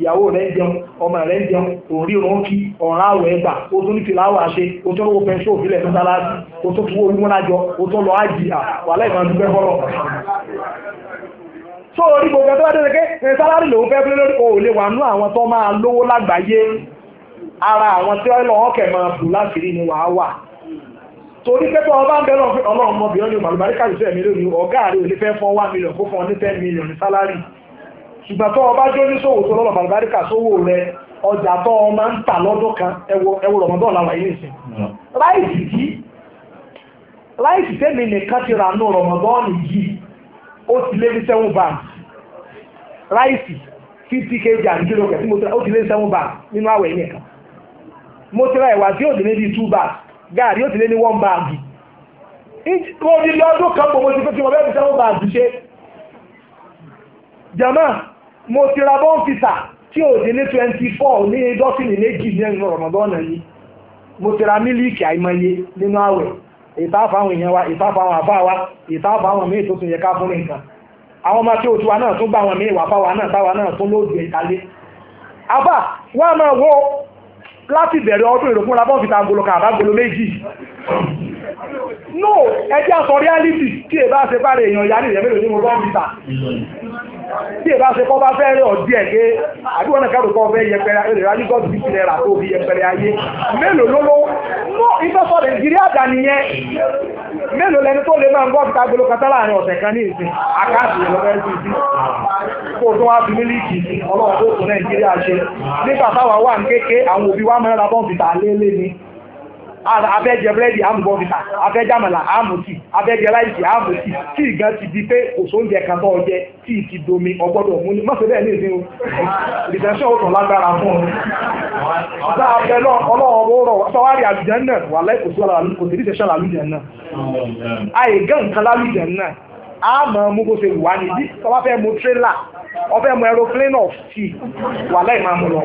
ìyàwó rẹ̀ ń jẹun ọmọ rẹ̀ ń jẹun òǹrírun kí ọ̀rá rẹ̀ gbà ó tún ní fìlàwà ṣe ó tún lówó pẹ́ńsó òfìlẹ̀ mọ́sálásí ó tún fowó orí múnájọ ó tún lọ ájìyà wà láìmọ̀ dúpẹ́ fọ́lọ̀ tó orí gbogbo ẹ̀tọ́ bá dé ṣe pé sálárì lòun fẹ́ fúlé lórí o wà nú àwọn tó máa lówó lágbàáyé ara àwọn tí wọ́n lọ ọkẹ̀ máa bù láṣìírí ni wàá wà torí pé tọ́wọ́ bá ń bẹ̀rẹ̀ ọlọ́run ọmọbìnrin ṣùgbọ́n ọba jó ní tó lọ́lọ́ ọjà tó ọmọ ń tà lọ́dún kan ẹwọ rọmọdọ́ làwà ilé nìsín láìsí tí láìsí tẹ́mi nìkan ti rà nù rọmọdọ́ nìyí ó ti lé ní seven bands láìsí fifty kg àdúgbò kẹ tí mo ó ti lé ní seven bands nínú àwẹ̀ bags ó ti lé ní mo ti lé ọdún bags ṣe mo ti ra bọ́ǹfìtà tí ò dé ní twenty four ní dọ́sìnì méjì ní ẹnu rọ̀mọ̀dọ́nà yìí mo ti ra mílíìkì àìmọye nínú àwẹ̀ ìtàfà àwọn èèyàn wa ìtàfà àwọn àfà wa ìtàfà àwọn míì tó tún yẹ ká fún nǹkan àwọn ọmọ tí òtún wa náà tún bá àwọn míì wà fáwa náà táwa náà tún lóògbé ìtàlé àbá wọ́n á máa wo láti bẹ̀rẹ̀ ọdún ìlú fúnra bọ́ọ̀fì ta golo kàbá golo méjì no ẹjẹ́ àsọ reality tí èbá ṣe bá rẹ̀ èèyàn yá nílẹ̀ mélòó ní mo bọ́ọ̀fì ta tí èbá ṣe kọ́ bá fẹ́ rí ọ̀dí ẹ̀ gé àdúgbò náà kẹ́rù kọ́ fẹ́ yẹpẹrẹ ayé rẹ̀ alígọ́ ti fi rẹ̀ tó fi yẹpẹrẹ ayé mélòó ló ló mọ́ ìfẹ́sọ̀ nàìjíríà dà nìyẹn mélòó lẹni tó lè máa ń gbọ́ kata láàrin ọ̀sẹ̀ kan ní ìsìn àkáàtì sí kó tó wá fi ọlọ́run tó nàìjíríà ṣe nígbà táwa wà ń kéke àwọn òbí abẹ́jẹ búrẹ́dì àmúbọ́fìtà abẹ́jàmọ̀là àmùtì abẹ́jẹ láìsí àmùtì tí ìgbà ti di pé kan tó tí ì ti domi ọgbọ́dọ̀ mú ni bẹ́ẹ̀ ní o lágbára fún un. náà wà láì kò sí ọ̀là àlùjẹ náà a mọ̀ mú bó ṣe wà níbí ọba fẹ́ mú tírélà ọba mú aeroplane of tea wà láì máa mú lọ.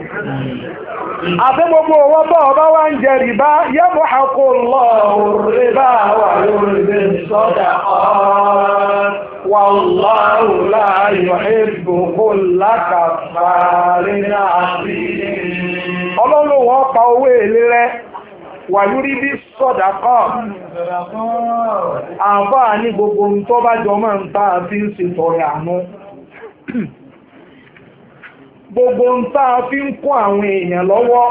àti gbogbo owó bá ọba wa ń jẹ rìbá yẹ mú àkó lọ rìbá wà lórí sọdà wà láwùlá ìwà ìbùkún lákàfàárín àti. ọlọ́run wọn pa owó èlé rẹ̀ wàyúrí bí sọ̀dákọ̀ àfáà ní gbogbo ohun tó bá jọ máa ń tá a fi ń ṣe tọrẹ àánú gbogbo ohun tá a fi ń kún àwọn èèyàn lọ́wọ́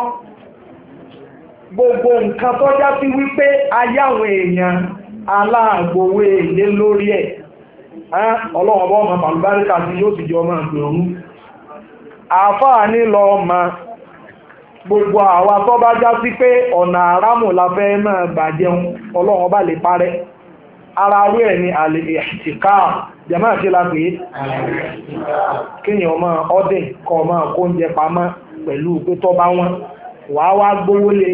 gbogbo nǹkan tó já sí wípé ayé àwọn èèyàn aláàgbòwe èlé lórí ẹ̀ ọlọ́wọ́ bọ́ ọmọ pàlùbáríkà sí yóò sì jọ máa gbèrú àfáà ní lọ́ọ́ máa gbogbo àwa tó bá já sí pé ọ̀nà àrámù la fẹ́ gbàjẹun ọlọ́run lè parẹ́ ara awé ẹ̀ ni àlè ìṣìká jẹ̀mọ́ àti la pé kéèyàn máa ọ́dẹ̀ kọ́ máa pamọ́ pẹ̀lú pé tó bá wọn wàá wá gbówó lé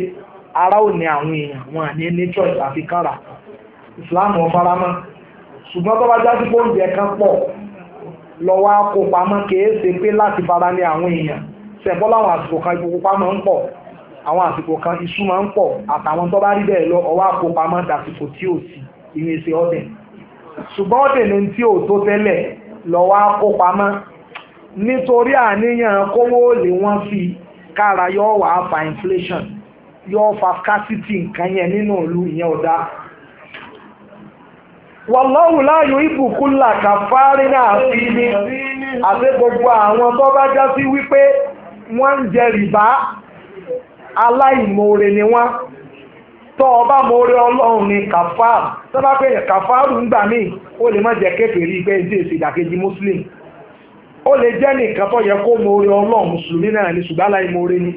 ara ò ní àwọn èèyàn wọn àní ní choice àfi fara ní àwọn sẹ̀bọ́ láwọn àsìkò kan ipò pupa máa ń pọ̀ àwọn àsìkò kan iṣu máa ń pọ̀ àtàwọn tó bá rí bẹ́ẹ̀ lọ ọwọ́ àpòpá máa dàsìkò tí ò sí ìyẹn ṣe ọ̀dẹ̀ ṣùgbọ́n ọ̀dẹ̀ ni tí ò tó tẹ́lẹ̀ lọ́wọ́ àpòpá máa nítorí àníyàn kówó lè wọ́n fi kára yóò wà á fa inflation yóò fa scarcity nǹkan yẹn nínú ìlú ìyẹn ọ̀dá wàlọ́wù láàyò ìbùkún làkàfárí náà fi ní àti gbogbo àwọn tó bá já sí wípé wọ́n ń jẹ rìbá aláìmoore ni wọ́n tọ́ ọba moore ọlọ́run ni kafar tọ́ba pé o ń gbà ó lè má jẹ́ kékeré pé ẹni muslim ó lè jẹ́ nìkan tó yẹ kó moore ọlọ́run mùsùlùmí náà ni ṣùgbọ́n aláìmoore ni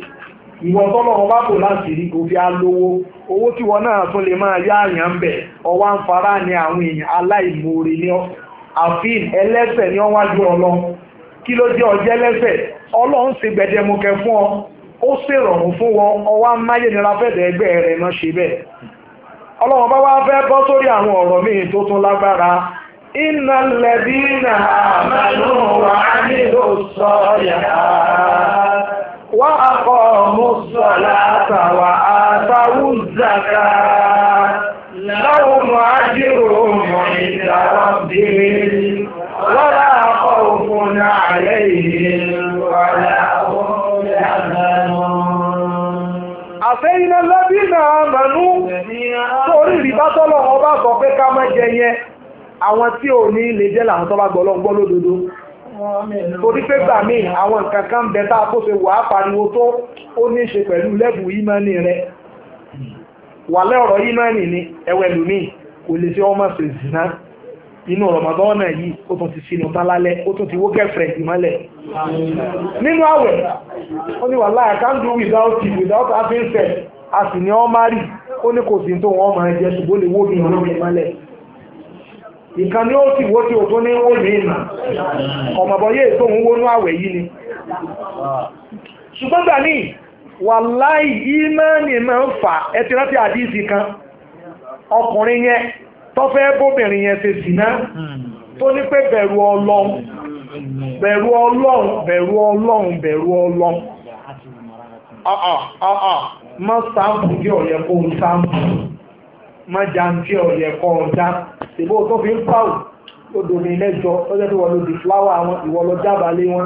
ìwọ láti rí kò fi owó tí wọn náà tún lè máa yá àyàn ń ni àfihàn ẹlẹ́sẹ̀ ni kí ló jẹ́ ọjẹ́ lẹ́sẹ̀ ọlọ́run ṣe gbẹdẹmukẹ fún ọ ó ṣèrọ̀rùn fún wọn ọwá máyé nira ẹgbẹ́ rẹ̀ náà ṣe bẹ́ẹ̀ ọlọ́run bá wá fẹ́ bọ́ sórí àwọn ọ̀rọ̀ míì tó tún lágbára iná lẹ́bí àmàlù wọ́lá ọkọ̀ òfin náà lẹ́yìn wọ́lá ọkọ̀ àfẹ́ iná lẹ́bí náà mẹ́nú sórí ìrìbá tọ́lọ̀ wọn bá gbọ́ pé ká má jẹ yẹn àwọn tí ò ní lè jẹ́ làwọn tó bá gbọ́ lọ́gbọ́ lódodo torí pé gbà míì àwọn nǹkan kan bẹ tá a kó ṣe wàá pariwo tó ó ní ṣe pẹ̀lú lẹ́bù ìmánì rẹ wà ọ̀rọ̀ ìmánì ni ẹ̀wẹ̀ lùmíì kò lè ṣe ọmọ ṣèṣìná inú rọmọdọ́nà yìí ó tún ti sínú tán lálẹ́ ó tún ti wó kẹfẹ́ ìmọ́lẹ̀ nínú àwẹ̀ ó ní wàhálà I can do without without having sex a sì ní ọ́n rí ó ní kò sí tó wọ́n máa jẹ ṣùgbọ́n lè wó mi ọ̀rọ̀ ìmọ́lẹ̀ ìkan ni ó sì wó tí o tó ní wó ìmọ̀ ni ṣùgbọ́n fà rántí tọ́fẹ́ bóbìnrin yẹn ṣe sì náà tó ní pé bẹ̀rù ọlọ́run bẹ̀rù ọlọ́run bẹ̀rù ọlọ́run bẹ̀rù ọlọ́run má sáàmù tí ọ̀yẹ́ kó ń sáàmù má já tí ọ̀yẹ́ kó ń já ṣèbó tó fi ń pàwọ̀ lódò ní lẹ́jọ́ lọ́jọ́ tí wọ́n lòdì fúláwà wọn ìwọ lọ jábàálé wọn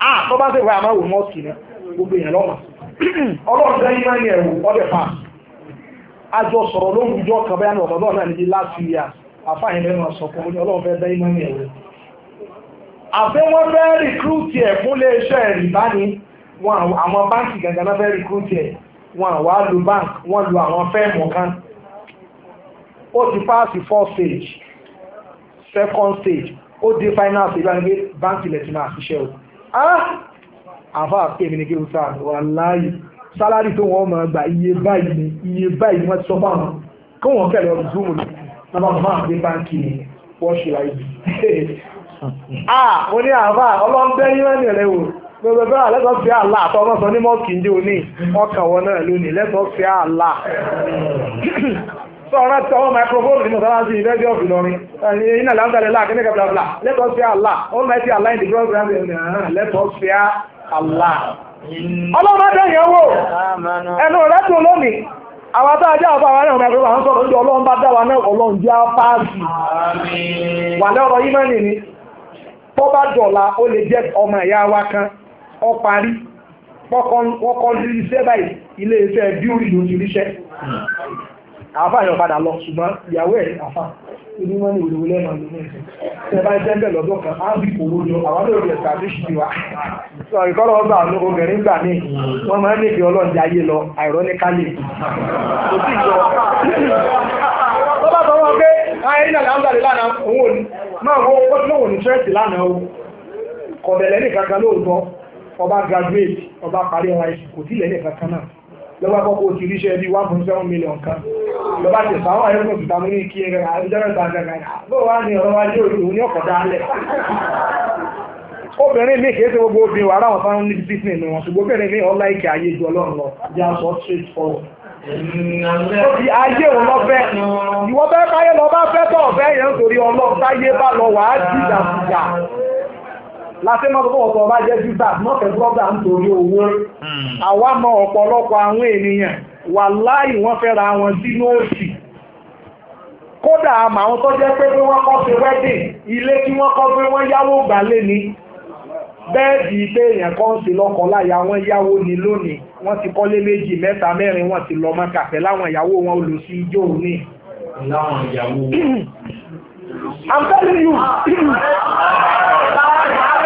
ah tó bá sì wá àmọ́ òun mọ́ọ̀sì ni gbogbo èèyàn lọ́mọ ọlọ́run gan yín máa ń yẹ ẹ̀wò ọdẹ pa àjọ sọ̀rọ̀ lóhùn ìjọ kan ọ̀dọ́dọ́ náà níbi last few years àfáàyàn lẹ́nu ọ̀sọ̀kan ó ní ọlọ́run fẹ́ dá yín máa ń yẹ ẹ̀wò àfẹ́ wọ́n fẹ́ rìkúrútì ẹ̀ fún iléeṣẹ́ rìbá ni àwọn báǹkì gangan náà fẹ́ rìkúrútì ẹ̀ wọn àwa lu bank wọn lu àwọn fẹ́ẹ̀mù kan ó ti páàsì four stage second stage ó dé final stage wọn ni pé báǹkì lẹ́tìmọ̀ àṣìṣe òkú àfa ah! àfẹ́mi ni kí ló sáà wà láàyè sálárì tó wọ́n máa gbà iye báyìí ni iye báyìí wọ́n ti sọ fáwọn kí wọ́n kẹ̀lé ọdún zoom ni nàbà màmá àgbé báńkì ni wọ́n ṣe láyé ah mo ní àfa ọlọ́ńtẹ́ yín wọ́n ní ẹ̀rẹ́ wò gbogbo lẹ́tọ̀ fi àlá àtọ́mọ́ sọ ní mọ́ọ̀kì ń dé òní ọkàn wọn náà lónìí lẹ́tọ̀ fi àlá sọ̀rọ̀ tí ọwọ́ microphone ní mọ̀sálásí ìrẹ́jọ́ ìlọrin iná láńtàlẹ̀ láà kíní kẹfìlà fìlà let us fear Allah almighty Allah in the ground ground let us fear Allah. ọlọ́run bá dẹ̀yìn owó ẹnu rẹ̀ tó lónìí àwọn tá a jẹ́ àwọn àwọn ẹ̀rọ microphone àwọn sọ̀rọ̀ oúnjẹ ọlọ́run bá dá wa náà ọlọ́run jẹ́ páàsì wà lọ́rọ̀ yìí mọ́ni ni tó bá dọ̀la ó lè jẹ́ ọmọ ìyá wa kan ó parí wọ́n kọ́ ilé iṣẹ́ báyìí ilé iṣẹ́ bíúrì ló ti ríṣẹ́ àáfà yẹn padà lọ ṣùgbọ́n ìyàwó ẹ̀ àáfà onímọ̀ ní òdòwò lẹ́nu ọdún mẹ́sàn-án tẹ́ bá jẹ́ bẹ́ẹ̀ lọ́dún kan á bí kòwó lọ àwọn náà rẹ̀ tàbí ṣì wá. sọ ìkọ́lọ̀ ọgbà ọ̀nà obìnrin gbà mí wọ́n máa ń lè fi ọlọ́ọ̀dẹ ayé lọ àìrọ́níkálì. kò sí ìjọ tó bá sọ wọn pé ayé náà lè lánàá òun ò máa wọ ó tún òun ní lánàá o lọ́ba kọ́kọ́ oṣù ríṣẹ́ bíi one point seven million kan lọ́ba ti fà wọ́n ẹ̀rọ ìta mú ní kí ẹ̀rọ àìjọ́rẹ́ta gàgàgà bó wá ní ọ̀rọ̀ ajé òun ní ọ̀kọ̀ dálẹ̀. obìnrin mi kìí ṣe gbogbo obìnrin wàrà wọn fáwọn níbi títí nínú wọn ṣùgbọ́n obìnrin mi ọ̀la ìkẹ́ ayé ju ọlọ́run lọ jẹ́ aṣọ straight forward. ó fi ayé òun lọ fẹ́ ìwọ fẹ́ káyé lọ bá fẹ́ tọ̀ fẹ́ yẹn nítorí ọlọ́run táyé bá lọ wàá dìjà láti mọ́ tó ọ̀tọ̀ bá jẹ́ júdà mọ́fẹ́ brọ́dà ń torí owó hmm. àwa mọ ọ̀pọ̀lọpọ̀ àwọn ènìyàn wà láì wọ́n fẹ́ wọn sínú òsì kódà àmà àwọn tó jẹ́ pé wọ́n kọ́ ṣe wedding ilé tí wọ́n kọ́ pé wọ́n yáwó gbàlé ni bẹ́ẹ̀dì pé èèyàn kan ṣe lọ́kọ láya wọ́n yáwó ni lónìí wọ́n ti kọ́lé méjì mẹ́ta mẹ́rin wọ́n ti lọ mọ́ka láwọn ìyàwó wọn ò I'm telling you.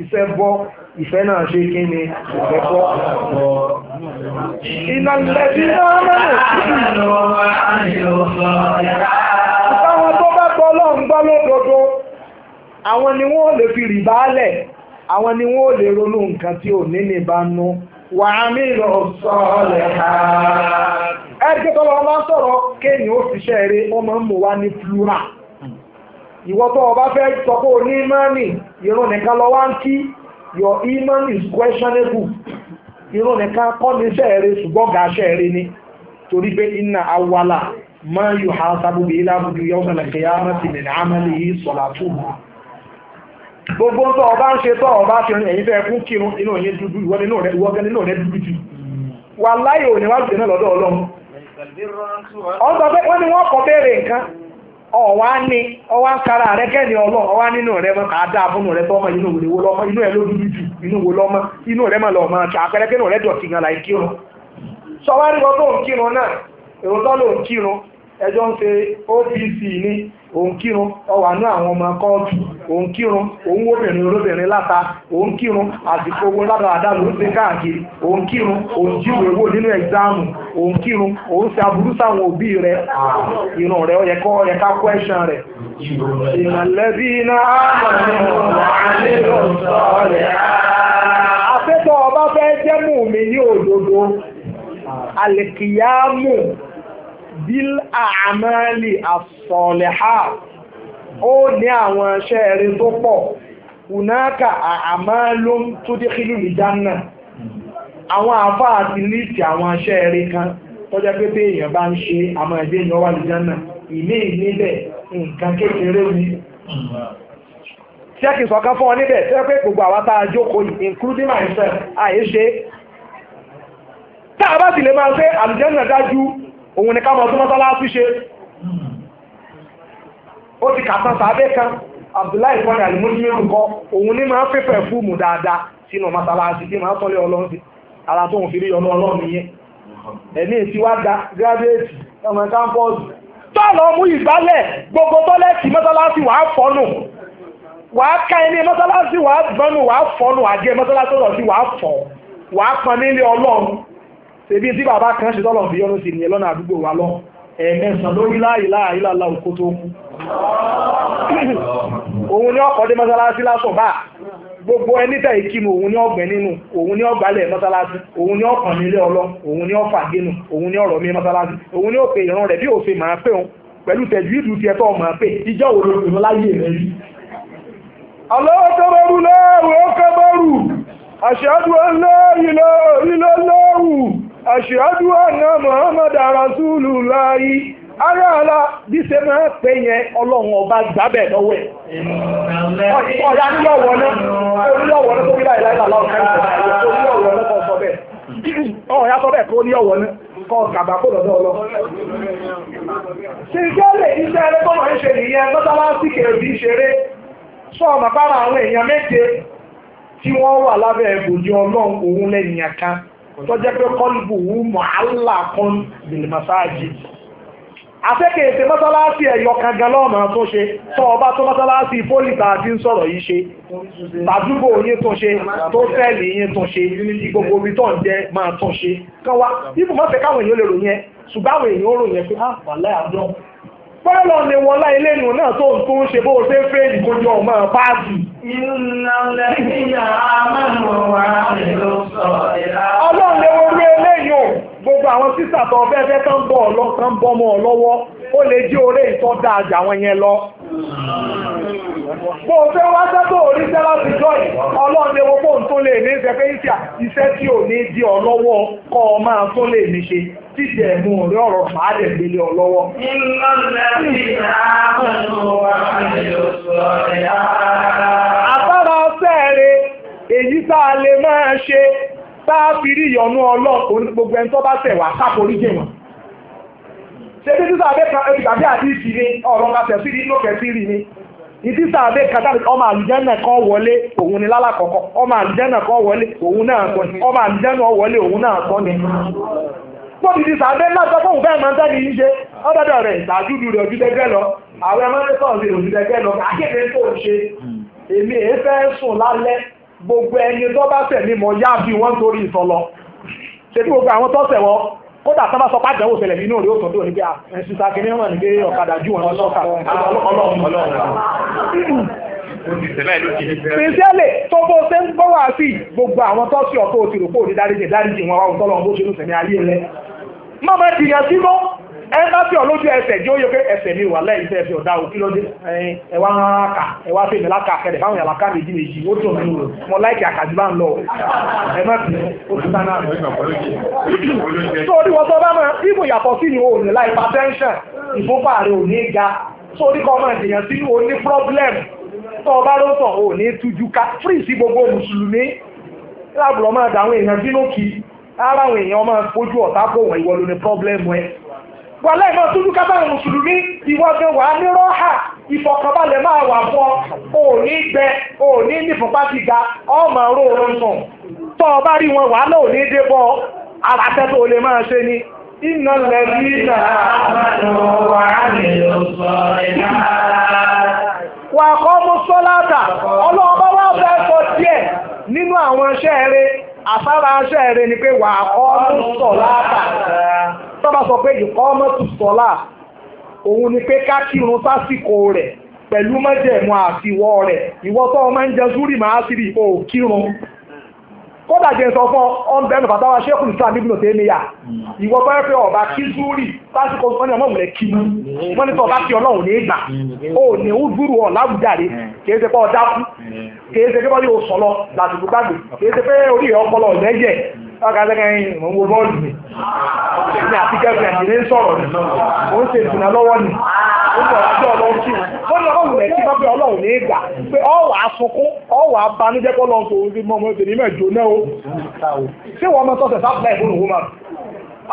ìfẹ́ bọ́ ìfẹ́ náà ṣe kí ni ìfẹ́ bọ́. ìnàlẹ́bí náà mẹ́rin àwọn tó bá gbọ́ lọ́n gbọ́ lódodo àwọn ni wọ́n lè fi rì báálẹ̀ àwọn ni wọ́n lè ronú nǹkan tí ò ní ní bá nú wà á mí lọ sọ́ọ̀lẹ̀ ẹgbẹ́ tó lọ bá kéèyàn ó fi ṣẹ́ eré wọ́n máa wá ní plural ìwọ ọba fẹ́ ní irun nìkan ń your iman is questionable irun nìkan kọ́ ní sẹ́ẹ̀rẹ́ ṣùgbọ́n gà ni torí pé iná awala máa ha sábúbi ilábùdú yọ ọ̀sán lẹ́kẹ̀ẹ́ yára ti nìyẹn amẹ́lẹ́ yìí sọ̀lá tó gbogbo tó o bá ń ṣe ẹ̀yin fẹ́ kún kírun inú dúdú rẹ dúdú jù òní wá lọ́dọ̀ ọlọ́run. ọ̀wá ní ọwá ń kára rẹ kẹ́ni ọlọ́run ọwá nínú rẹ mọ́ àdá abúnú rẹ tọ́mọ inú rẹ wo lọ́mọ inú ẹ ló jù inú wo lọ́mọ inú rẹ mọ̀ lọ́mọ àti rẹ dọ̀tí gan láì kírun sọ wá ọdún náà ẹjọ́ ń ṣe OPC ní òǹkírun ọwà ní àwọn ọmọ kóòtù òǹkírun òun olóbìnrin láta òǹkírun àsìkò owó ládàáda ló ń ṣe káàkiri òǹkírun òǹjíwò nínú ẹ̀gzáàmù òǹkírun òun ṣe aburú sáwọn òbí rẹ irun rẹ ó yẹ kó ká kó ẹ̀ṣán ìrànlẹ́bí mi bil àmàlì àsọ̀lẹ̀há ó ní àwọn iṣẹ́ rẹ̀ tó pọ̀ kùnáàkà àmàlò tó dé kílù ìdáná àwọn àfá àti líìtì àwọn iṣẹ́ rẹ̀ kan tọ́jọ́ pé pé èèyàn bá ń ṣe àmọ́ ẹ̀dẹ́ èèyàn wà lè jẹ́nà ilé ìníbẹ̀ nǹkan kékeré ni ṣẹ́kì sọ̀kan fún ọ níbẹ̀ tẹ́ pé gbogbo àwa tá a jókòó including myself àyè ṣe tá a bá sì lè máa ṣe àlùjẹ́nà dájú òun ni ká mọ̀ tó mọ́sálásí ṣe ó ti kàtàn sàbẹ́ kan Abdullahi fọ́nà àlùmọ́sí orúkọ òun ní máa ń pẹ́fẹ́ fúùmù dáadáa sínú mọ́sálásí tí máa ń tọ́lé ọlọ́run sí ara tóun fi rí ọlọ́run yẹn ẹ̀mí ti wá gírádẹ́ẹ̀tì ọmọ kámpọ́ọ̀sì tọ́ọ̀lọ́ mú ìgbálẹ̀ gbogbo tọ́lẹ́tì mọ́sálásí wàá fọ́nù wàá ká ṣèbí tí bàbá kan ṣe tọ́lọ̀ fi yọ́nú sí ni lọ́nà àdúgbò wa lọ ẹ̀ẹ̀mẹ́sàn lórí láàyè láàyè láàlá òkú tó kú òun ni ọkọ̀ mọ́sálásí lásọ̀ gbogbo ẹni tẹ̀ òun ni ọgbẹ̀ nínú òun ni ọgbàlẹ̀ mọ́sálásí òun ni ọkàn nílé ọlọ òun ni ọfà gínú òun ni ọ̀rọ̀ mi mọ́sálásí òun ni òpè ìran rẹ̀ bí òfin máa pè òun pẹ̀lú tẹ̀jú ìdù tiẹ̀ tó máa pè ìjọ òun ló pèmọ́ láyé rẹ̀ rí. ọlọ́wọ́ kẹ́bẹ́rú lẹ́rù ó kẹ́bẹ́rù àṣẹ àṣìwájú àná muhammad rasulullahi aráàlá bí ṣe máa pè yẹn ọlọ́run ọba gbábẹ̀ lọ́wọ́ ẹ̀ ọ̀dà nílọ̀wọ̀ náà onílọ̀wọ̀ náà tó bí láìláì làlá ọ̀ká ìṣẹ̀lẹ̀ bẹ́ẹ̀ ọ̀hún yàtọ̀ náà kọ́ kàbà kó lọ́dọ̀ ọlọ́ ṣèjọ́ lè iṣẹ́ ẹrẹ́ máa ń tọ́jẹ́ pé kọ́lùbù wù mọ́ aláàkún bìlì masáàjì afẹ́kẹ̀ ètè mọ́sálásí ẹ̀yọ kan gan lọ́ọ̀mà tó ṣe tó ọba tó mọ́sálásí fólìtà àti ń sọ̀rọ̀ yìí ṣe tàdúgbò yín tó ṣe tó tẹ́ẹ̀lì yín tó ṣe gbogbo ibi tó ń jẹ máa tó ṣe kan wá káwọn èèyàn lè ròyìn ẹ ṣùgbọ́n àwọn èèyàn ròyìn ẹ pé á ah, wà láàárọ̀ fọ́lọ̀ ni wọn láì lẹ́nu náà tó ń tó ń ṣe bó ṣe ń fẹ́ ìkójọ ọmọ páàkì. ọlọ́run lè wọ́n rí eléyìí gbogbo àwọn sísà tó ọbẹ̀ fẹ́ tán bọ̀ ọ̀lọ́ tán bọ́ ọmọ ọlọ́wọ́ ó lè jẹ́ oré ìtọ́ dáa jà wọn yẹn lọ. bó o fẹ́ wá sẹ́tò oríṣẹ́ láti jọ yìí ọlọ́run ewo bó ń tó lè ní ìṣẹ́fẹ́ ìṣà iṣẹ́ tí ò ní di ọlọ́wọ́ kọ́ ọ máa tó lè ní ṣe títẹ̀ mú orí ọ̀rọ̀ máa dẹ̀ gbélé ọ lọ́wọ́. àbára ọ̀sẹ̀ rẹ̀ èyí a tá a fi rí ìyọnú ọlọ́run gbogbo ẹni tó bá tẹ̀ wá káforí jẹ wọn. ṣé títí sàbẹ̀ kan ẹbí tàbí ni ọ̀rọ̀ kan tẹ̀sí rí inú kẹsí rí ni ìdí kan ọmọ àlùjẹ́nà kan wọlé ni lálàkọ̀kọ́ ọmọ àlùjẹ́nà kan wọlé òun náà kọ́ ni ọmọ àlùjẹ́nà wọlé òun náà kọ́ ni. pọ́ọ̀dù ti sàbẹ̀ náà sọ fún bẹ́ẹ̀ máa ń yín ṣe rẹ̀ ìtàjúdù gbogbo ẹni tó bá tẹ̀lé mọ yá bí wọ́n torí ìsọlọ ṣe bí gbogbo àwọn tó tẹ̀wọ́ kódà tó bá sọ pàtẹ́ òwò ṣẹlẹ̀ nínú rẹ̀ ó tọ́jú òní bí ah, ẹ̀sùn sàkè ní ọmọ nígbé ọ̀kadà jù wọn lọ́sọ̀kà pèsèlè tó bó ṣe ń gbọ́ wá sí gbogbo àwọn tó sí ọ̀tọ̀ òtìrò kó òní dáríjì dáríjì wọn wá òun tọ́lọ́ ẹ̀ka tí ọ lójú ẹsẹ̀ jẹ́ oyè ẹsẹ̀ mi wà lẹ́yìn fi òkú yàrá ká méjì méjì ó tó mi láìkì àkàdé bá ń lọ ẹ má ó ti sáná. sórí wọn bá yàtọ̀ sí ni ga sórí kọ́ sí o ní problem tó o bá ló sọ ò ní ká gbogbo mùsùlùmí láàbùrọ̀ máa dàwọn èèyàn sínú kí ara àwọn èèyàn máa fojú ọ̀tá ní wà lẹ́ẹ̀mọ́ tó dúkà báwọn mùsùlùmí ìwọ́dẹ wà ní rọ́hà ìfọ̀kànbalẹ̀ máa wà fún ọ gbẹ nífọ̀pá ti ga ọmọ sùn tọ́ ọ bá rí wọn wà náà ò ní dé bọ́ ṣe ni iná lẹ́bí wà kọ́ mú sọ́lá nínú àwọn iṣẹ́ àsára aṣẹ́ rẹ ni pé wà ọ́nù sọ̀lá àtàrà tọ́ba sọ pé ìkọ́ mọ́tò sọ̀lá òun ni pé ká kírun sásìkò rẹ̀ pẹ̀lú mọ́jẹ̀mú àfiwọ́ rẹ̀ ìwọ́ tó máa ń jẹ súrì máa sì rí òkírun kódà jẹ́ sọ fún ọ̀nbẹ́nu fàtàwà ṣẹ́kùn islam ibùdó tẹ́ níyà ìwọ bá yẹ pé ọba kí zúrì lásìkò wọn ni ọmọ òun lè kí mú wọn ni tọba kí ọlọ́run ní gbà ó ní ó dúró ọ̀ láwùjáde kìí ṣe pé ọjà kú kìí ṣe pé wọ́n yóò sọ lọ làtìkú gbàgbé kìí ṣe pé orí ọpọlọ ọ̀lẹ́yẹ ọkà sẹ́kẹ̀ yìí mò ń wo bọ́ọ̀lù mi ní àti kẹfẹ́ àti ní sọ̀rọ̀ ni mò ń ṣe ìdùnnà lọ́wọ́ ni ó bọ̀ ọjọ́ ọlọ́run kí wọ́n ní ọlọ́run rẹ̀ kí bábẹ́ ọlọ́run ní ìgbà pé ọwà sunkún ọwà banújẹ́ pọ́ lọ́n kò rí mọ́ ọmọbìnrin mẹ́jọ náà ó ṣé wọ́n mọ tọ́sẹ̀ sábà ìfúnnu woman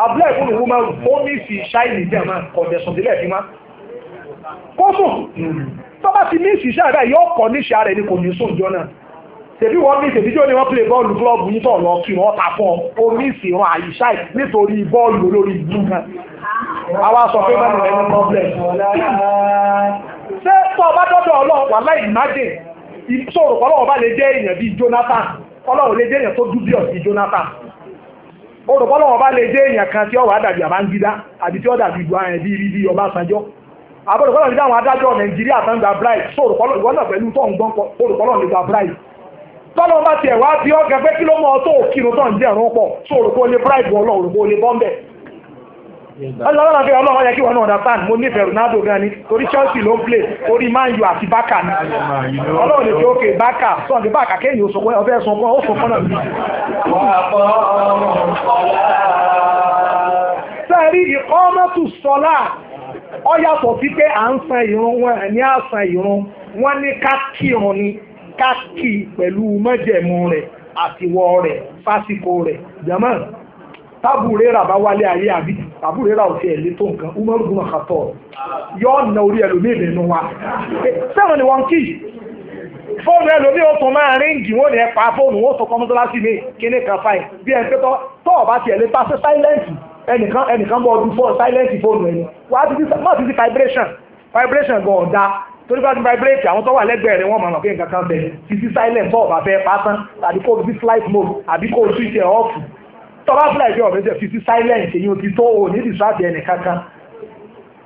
abúlé ìfúnnu woman ó ní fi ṣáìlì jẹ́ máa kọ̀dẹ̀sùn délẹ̀ fi kó sùn tọ́ba ti ní ìṣiṣẹ́ rẹ̀ yóò kọ́ níṣẹ́ rẹ̀ ni kò ní sùn jọ náà tẹ̀bí wọ́n ní ìṣèdí tí ó ní wọ́n play bọ́ọ̀lù klọ́ọ̀bù yìí tọ̀ lọ kí wọ́n ta fún ọ omi ìsìnrún àyíṣà nítorí bọ́ọ̀lù olórí ìlú kan àwa sọ pé mẹ́rin rẹ̀ ní problem. ṣé tó o bá dọ́dọ̀ ọlọ́run wà láì májè ìṣòro pọ̀ lọ́wọ́ bá lè jẹ́ èèyàn bíi Jonathan ọlọ́run lè jẹ́ èèyàn tó dubious bíi Jonathan olùkọ́ lọ́wọ́ bá lè jẹ́ èèyàn kan tí ó wà dàbí àbángídá àbí tí ó dàbí ìgbà ẹ̀ eh, bíi bíi Ọbásanjọ́ àbọ̀lùkọ́ lọ́wọ́ ní àwọn adájọ́ Nàìjíríà tán gba bright so olùkọ́ lọ́wọ́ pẹ̀lú tó ń gbọ́n olùkọ́ lọ́wọ́ ní gba bright tọ́lọ́ bá tiẹ̀ wá bí ọ́gẹ́ pé kí ló mọ tó kírun tó jẹ́ ẹ̀rún pọ̀ tó òrùkó lè bribe wọn lọ òrùkó lè bọ́m̀bẹ̀. ọlọ́run fi ọlọ́run yẹ kí wọn náà mo nífẹ̀ẹ́ Ronaldo torí Chelsea ló ń play Man U àti Barca ni ọlọ́run lè fi Barca Barca kéèyàn ọbẹ̀ ọ yàtọ̀ à ń san ìrun wọn ní à san ìrun wọn ní ká kírun ni. káàkì pẹ̀lú mọ́jẹ̀mú rẹ̀ àtiwọ́ rẹ̀ fásitì rẹ̀ jẹ́mọ́ tábùrẹ́rà bá wálé ayé àbí tábùrẹ́rà ò tiẹ̀ lé tó nǹkan umaru gbọ́n yọ ọ̀nà orí ẹlòmíì nínú wa sẹ́wọ̀n ni wọ́n kì í fóònù ẹlòmíì ó tún máa ríǹgì wọ́n ní ẹ pa fóònù wọ́n tún kọ́mọ́tọ́lásì mi kíní kan fáìn bí ẹ ń pẹ́tọ́ tọ́ ọ̀bá tiẹ̀ lé pàṣẹ sáílẹ́ǹtì ẹnìkan ẹnìkan bọ́ ọdún fọ́ vibration vibration gan ọ̀dà torí bá ti vibrate àwọn tó wà lẹ́gbẹ̀ẹ́ rẹ̀ wọ́n mọ̀ pé nǹkan kan bẹ̀ títí silent tó ọ̀bà fẹ́ pátán tàbí kó bí flight mode àbí kó switch ẹ̀ off tó bá flight ẹ̀ ọ̀bẹ̀ jẹ́ títí silent èyí ò ti tó o ní distract ẹnì kankan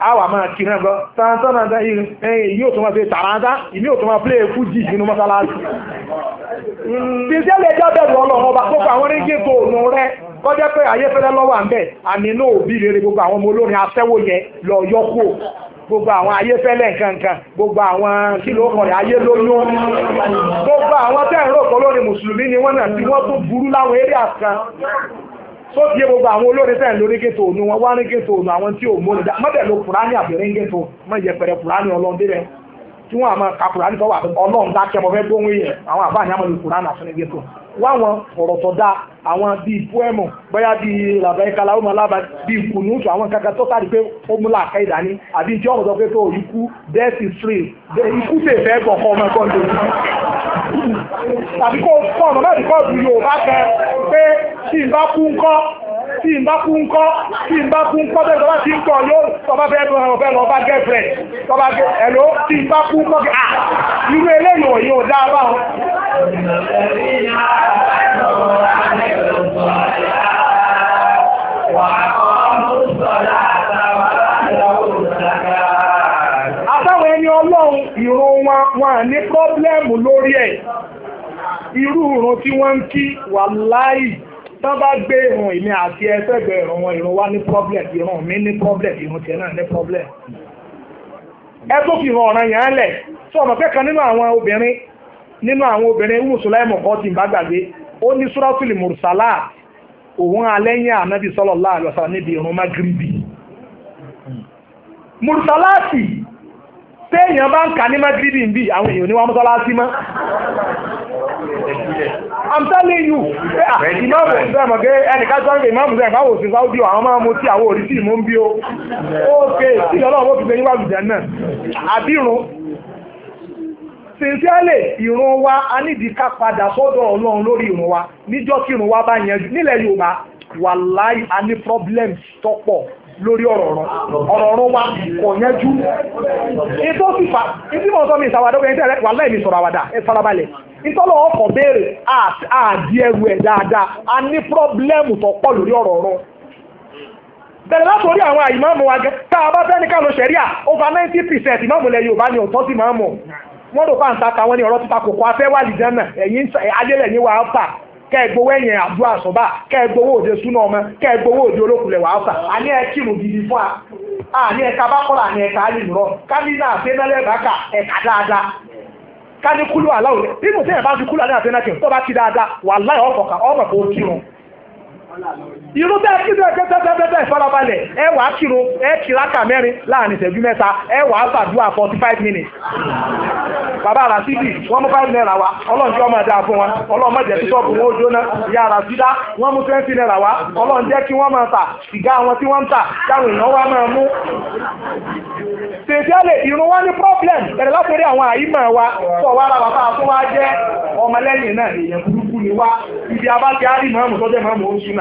àwa máa kí náà gbọ́ tàǹtàǹtà yìí yóò tó máa fi tàǹtà ìmí ò tó máa play fújì nínú mọ́sálásí tìṣẹ́lẹ̀ ẹjọ́ bẹ̀rù ọlọ́run ọba gbogbo àwọn oníjì tó ònú rẹ kọjá pé ayé fẹ́lẹ́ lọ́wọ́ à ń bẹ̀ àmì náà òbí rere gbogbo àwọn ọmọ olórin aṣẹ́wó yẹn lọ yọkú gbogbo àwọn ayefele nkankan gbogbo àwọn kílò ọkọ̀rẹ́ ayé lóyún gbogbo àwọn tẹ́ẹ̀rọ ọ̀pọ̀ lórí mùsùlùmí ni wọ́n náà tí wọ́n tún burú láwọn eré àkan tó yé gbogbo àwọn olórin tẹ́ẹ̀ lórí gẹ́tò ònú wọn wá ní gẹ́tò ònú àwọn tí ò mú nígbà mọ́tẹ̀ ló kùránì àbẹ̀rẹ̀ mọ́ kùránì tí wọ́n àmọ́ ka kùránì fẹ́ gbóhùn àwọn wáwọn ọ̀rọ̀ tó dáa àwọn bíi poemu bóyá bíi làbẹ́ kala ó máa lába bíi kùnúùtù àwọn kankan tó sáré pé ó múlá àká ìdání àbí tí ọ̀rọ̀ sọ pé tó ikú death is free ikú tè fẹ́ gbọ̀kọ́ ọmọ ẹ̀kọ́ ǹdọ̀ tàbí kó fọ́ọ̀mù náà ti kọ́ ọ̀dù Yorùbá kan pé tí ìbá kú ńkọ́ tí n bá kún kọ́ tí n bá kún kọ́ bẹ́ẹ̀ tọ́ba ti ń kọ́ yóò tọ́ba fẹ́ lọ ọ̀fẹ́ lọ bá gẹ́fẹ̀rẹ̀ tọ́ba gẹ́ ẹ̀ló tí n bá kún kọ́ kí ah, irú eléyìí ò yóò bá wọn. àtàwọn ẹni ọlọ́run ìrun wọn wọn à ní pọ́blẹ́mù lórí ẹ̀ irú ìrun tí wọ́n ń kí wàláì. tó bá gbé irun èmi àti ẹsẹ̀gbẹ̀ irun wọn irun wa ní problem irun mi ní problem irun tiẹ̀ náà ní problem. ẹ tó fi hàn ọ̀ràn yẹn lẹ̀ sọ ọ̀nà kan nínú àwọn obìnrin nínú àwọn obìnrin mùsùlùmí kan ti ń bá gbàgbé ó ní súrọ́tìlì mùrùsálà òun alẹ́yìn ànábì níbi irun magribi. téèyàn àwọn èèyàn ní mọ́sálásí I'm telling you ìmáàmù sẹ́yìn mọ̀ pé ẹnìkan sọ pé ìmáàmù sẹ́yìn báwo sí Saudi àwọn máa mú tí àwọn òrìṣì mú ń bí o ókè tí Ọlọ́run ó fi gbé níwájú jẹ́ náà àbírun sincerely ìrun wa a nídìí ká padà sọ́dọ̀ Ọlọ́run lórí ìrun wa níjọ́ tí ìrun wa bá yanjú nílẹ̀ Yorùbá wàláì a ní problems tọ́pọ̀ lórí ọ̀rọ̀ ọ̀rọ̀ ọ̀rọ̀ wa kò yanjú ètò òsì fa ìdí mọ̀ sọ́mi ìsàwádọ́ wàláì mi sọ̀rọ̀ àwàdà ẹ farabalẹ̀ ìtọ́lọ̀ ọkọ̀ béèrè àdí ẹrù ẹ̀ dáadáa a ní pírọ́blẹ́mù tó pọ̀ lórí ọ̀rọ̀ ọ̀rọ̀ bẹ̀rẹ̀ látòrí àwọn àìmáàmù wa gẹ́ tá a bá fẹ́ ní kálọ̀ ṣẹ̀ríà over ninety percent ni ọ̀tọ́ sí máàmù wọ́n lò fáǹtà táwọn ní ọ̀rọ̀ títa kòkó afẹ́ wà lìjánà ẹ̀yìn ajẹ́lẹ̀ ní wàá fà kẹ́ẹ̀gbowó ẹ̀yìn àdúrà sọ́bà kẹ́ẹ̀gbowó òde súná ọmọ kẹ́ẹ̀gbowó òde olókùnlẹ̀ wàá fà á ní ẹ gidi fún wa á ní ẹ̀ka bákọ́lá ní ẹ̀ka ká ní kúlù aláwọ̀ nínú tí ẹ̀ bá fi kúlù aláwọ̀ àti ẹnẹ́kìn tó bá ti dáadáa wà láì ọ̀kọ̀ọ̀kan ọ̀mọ̀ kò kírun irú bẹ́ẹ̀ kí bẹ́ẹ̀ tẹ́tẹ́tẹ́tẹ́ ẹ wàá kírun ẹ kìláka mẹ́rin láàrin ìṣẹ́jú mẹ́ta ẹ wàá gbàdúrà forty five minutes. bàbá rasidi wọ́n mú five naira wa ọlọ́run ọmọ ẹ̀dá fún wọn ọlọ́run mọ̀jẹ̀ tí sọ́ọ̀bù wọn ó jóná ìyá mú twenty naira wa ọlọ́run kí wọ́n máa ta sìgá wọn tí wọ́n ń èèyàn máa mú. tètè ní wa wá ra bàbá ọmọlẹ́yìn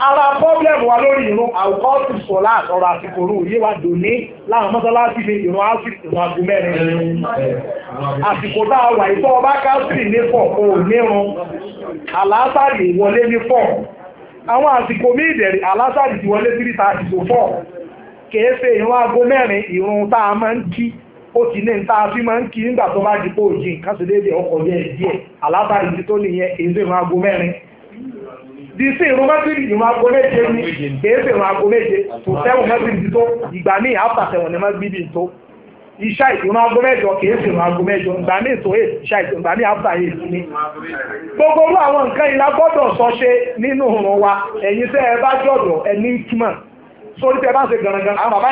ara problem wa lórí ìrún àwùkọ́ọ̀tù sọ̀lá àtọ̀rọ̀ àsìkò òru yé wa dò ní fi irun áfírí ìrún àgbo mẹ́rin àsìkò ọba káfírí ní pọ̀ kò alasari àlásàrì wọlé ní pọ̀ àwọn àsìkò ti wọle siri ta to four kèé fe ìrún mẹrin irun ìrún ma a ki o ti ní fi di ìrún mẹ́tìrì ìrún aago méje ni kèé sí ìrún méje tó sẹ́wọ̀n mẹ́tìrì ti tó ìgbà míì áfà sẹ́wọ̀n ní mẹ́tìrì tó iṣá ìrún aago mẹ́jọ kèé sí ìrún aago mẹ́jọ ìgbà míì tó eh, èyí ìgbà míì ni. gbogbo orú àwọn nǹkan yìí la sọ ṣe nínú wa ẹ bá ẹ ní sórí bá ṣe gànàgànà àwọn bàbá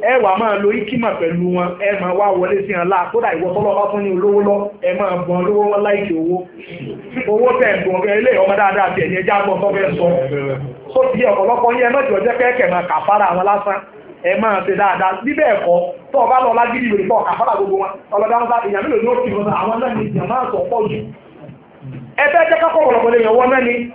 ẹ wà máa lo ikima pẹ̀lú wọn ẹ máa wá wọlé sí wọn láà kódà ìwọ tọ́lọ́ bá fún ní olówó lọ ẹ máa owó owó tẹ̀ ń ọmọ dáadáa tiẹ̀ ẹni ẹja gbọ́n sọ tó ti yẹ ọ̀pọ̀lọpọ̀ yẹn kẹ́kẹ́ máa kàfàrà àwọn lásán ẹ máa ṣe dáadáa ẹ̀kọ́ tó ọba lọ lágídí lórí kàfàrà gbogbo wọn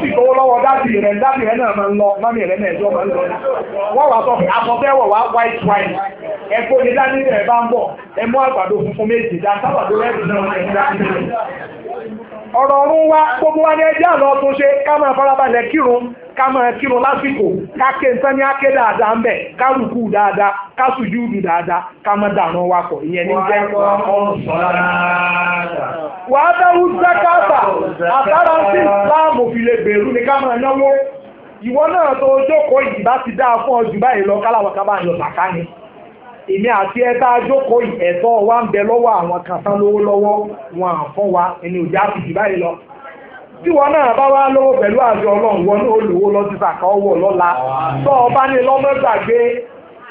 sì tọwọ́ lọ́wọ́ dáàbì rẹ̀ dáàbì rẹ̀ náà máa ń lọ mọ́mí rẹ̀ náà ẹjọ́ máa ń lọ wọ́n wà sọ àtọ̀tẹ́wọ̀ wá white wine ẹ̀kọ́ ni dání rẹ̀ bá ń bọ̀ ẹ̀mú àgbàdo funfun méjì dá sábàdo rẹ̀ ọ̀rọ̀ ọ̀run wa gbogbo wa ní ẹjẹ́ àlọ́ tún ṣe ká máa farabalẹ̀ kírun ká máa kírun lásìkò nǹkan ní dáadáa ń bẹ̀ dáadáa dáadáa ká dànù ìyẹn ní jẹ́ wà á àtàrà sí bẹ̀rù ni ká máa náwó èmi àti ẹ tá a jókòó ẹ̀tọ́ wa ń bẹ lọ́wọ́ àwọn kan tán lówó lọ́wọ́ wọn à fún wa ẹni òjá fi jì báyìí lọ tí wọn náà bá wá lówó pẹ̀lú àjọ ọlọ́run wọn náà lówó lọ sí sàkà ọwọ́ lọ́la tó o bá ní lọ́mọ gbàgbé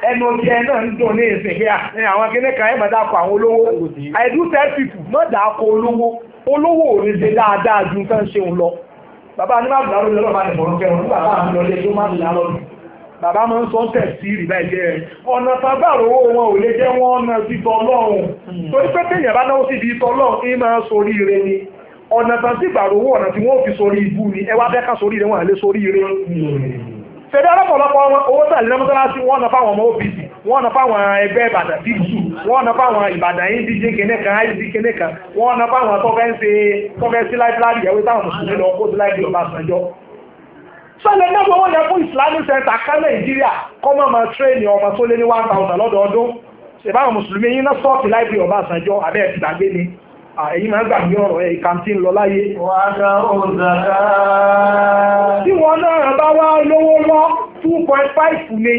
ẹnu ti náà ń dùn ní ìsìn pé ní ah, àwọn kíní kan ẹ má dáko àwọn olówó I do má dáko olówó olówó ò lè ṣe dáadáa ju nǹkan ṣeun lọ bàbá ní má bàbá bàbá máa ń sọ ń tẹ̀sí rí báyìí ẹ̀ ọ̀nà tábàrò owó wọn ò lè jẹ́ wọ́n ná sí tọlọ́run torí pé téèyàn bá náwó síbi tọlọ́run ń máa sórí ire ni ọ̀nà tán sí ìbàrò owó ọ̀nà tí wọ́n fi sórí ibú ni ẹ wá fẹ́ ká sórí ire wọn àlẹ́ sórí ire. fẹ̀dẹ̀ ọlọ́pọ̀lọpọ̀ owó tàlẹ́ náà mọ́tàlásí wọ́n ná fáwọn ọmọ òbí wọ́n na fáwọn ẹgbẹ́ ìbàdàn big two wọ́n na fáwọn ìbàdàn yìí díje kéne kan ic kéne kan wọ́n na fáwọn tọ́fẹ́ ń ṣe tọ́fẹ́ sí láìpẹ́ láàrin ìyàwó táwọn mùsùlùmí lọ kó sí láìpẹ́ ọba àtàjọ́ sọ́lẹ̀ náà wọ́n yẹ fún islamic center kan nàìjíríà kọ́mọ̀ máa tírẹ́ẹ̀nì ọmọ tó lé ní one thousand lọ́dọọdún ìbáwọn mùsùlùmí yín náà sọ́ọ̀tì láìpẹ́ ọ̀básanjọ́ abẹ́ ẹ̀ gbàgbé ni èyí máa gbàgbé ọ̀rọ̀ ẹ̀ kàǹtí ń lọ láyé. tí wọn náà bá wá lówó lọ two point five ni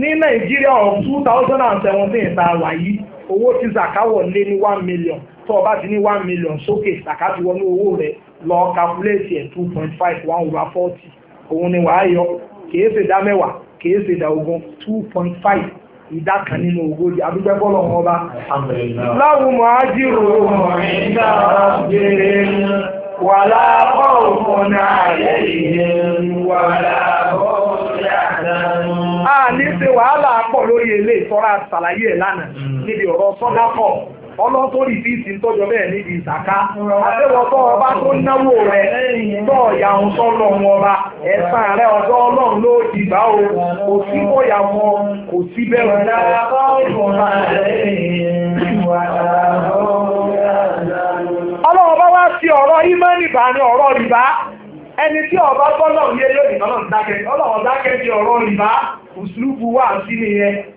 ní nàìjíríà of two thousand and seventeen ta wà yìí owó tí zakawọ̀ lé ní one million tó o bá ti ní one million sókè sàkáàtì wọnú owó rẹ lọ calculate ẹ̀ two point five one over forty òun ni wàá yọ kìí ṣe ìdá mẹ́wàá kìí ṣe ìdá ogún two point five ìdá kan nínú ogójì àdúgbẹ́ bọ́lọ̀ wọn ọba. láwùn mọ̀ á jírò ìdá ọ̀gbẹ̀rẹ̀ wà láàbọ̀ òfin ààrẹ ìyẹn wà láàbọ̀ òfin àdánù. a ní ṣe wàhálà pọ̀ lórí ilé ìtọ́ra àṣàlàyé ẹ̀ lánàá hmm. níbi ọ̀rọ̀ sọ́dápọ̀ ọlọ́run tó rí fíìsì ń tọ́jọ bẹ́ẹ̀ níbi ìsàká àbẹ́wọ̀ tó ọba tó náwó rẹ̀ tó ọ̀yà ń sọ́lọ̀ wọn ọba ẹ̀sán rẹ̀ ọ̀dọ́ ọlọ́run ló di bá o kò sí bóyá wọn kò sí bẹ́ẹ̀ ọlọ́run ọba wá sí ọ̀rọ̀ ìmánì bá ní ọ̀rọ̀ rìbá ẹni tí ọba bọ́lọ̀ yẹ yóò ní ọlọ́run dákẹ́ ọlọ́run dákẹ́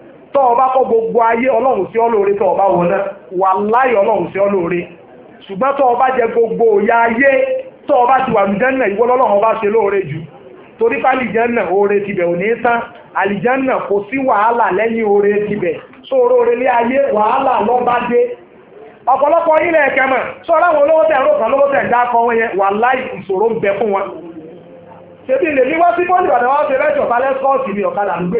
tọ́ ọba kọ́ gbogbo ayé ọlọ́run sí ọlọ́ọ̀rẹ́ tọ́ ọba wà ṣùgbọ́n tọ́ ọba jẹ gbogbo òyà ayé tọ́ ọba ti wà lọ́lọ́run ọba ṣe lóore jù torí pé oore tibẹ̀ ò ní wàhálà lẹ́yìn oore tibẹ̀ sóore ayé wàhálà lọ́ba ọ̀pọ̀lọpọ̀ láì ìṣòro ń bẹ fún wọn wá sí bọ́ọ̀lù ìbàdàn wá ṣe balẹ̀ sọ́ọ̀sì mi ọ̀kadà ló gbé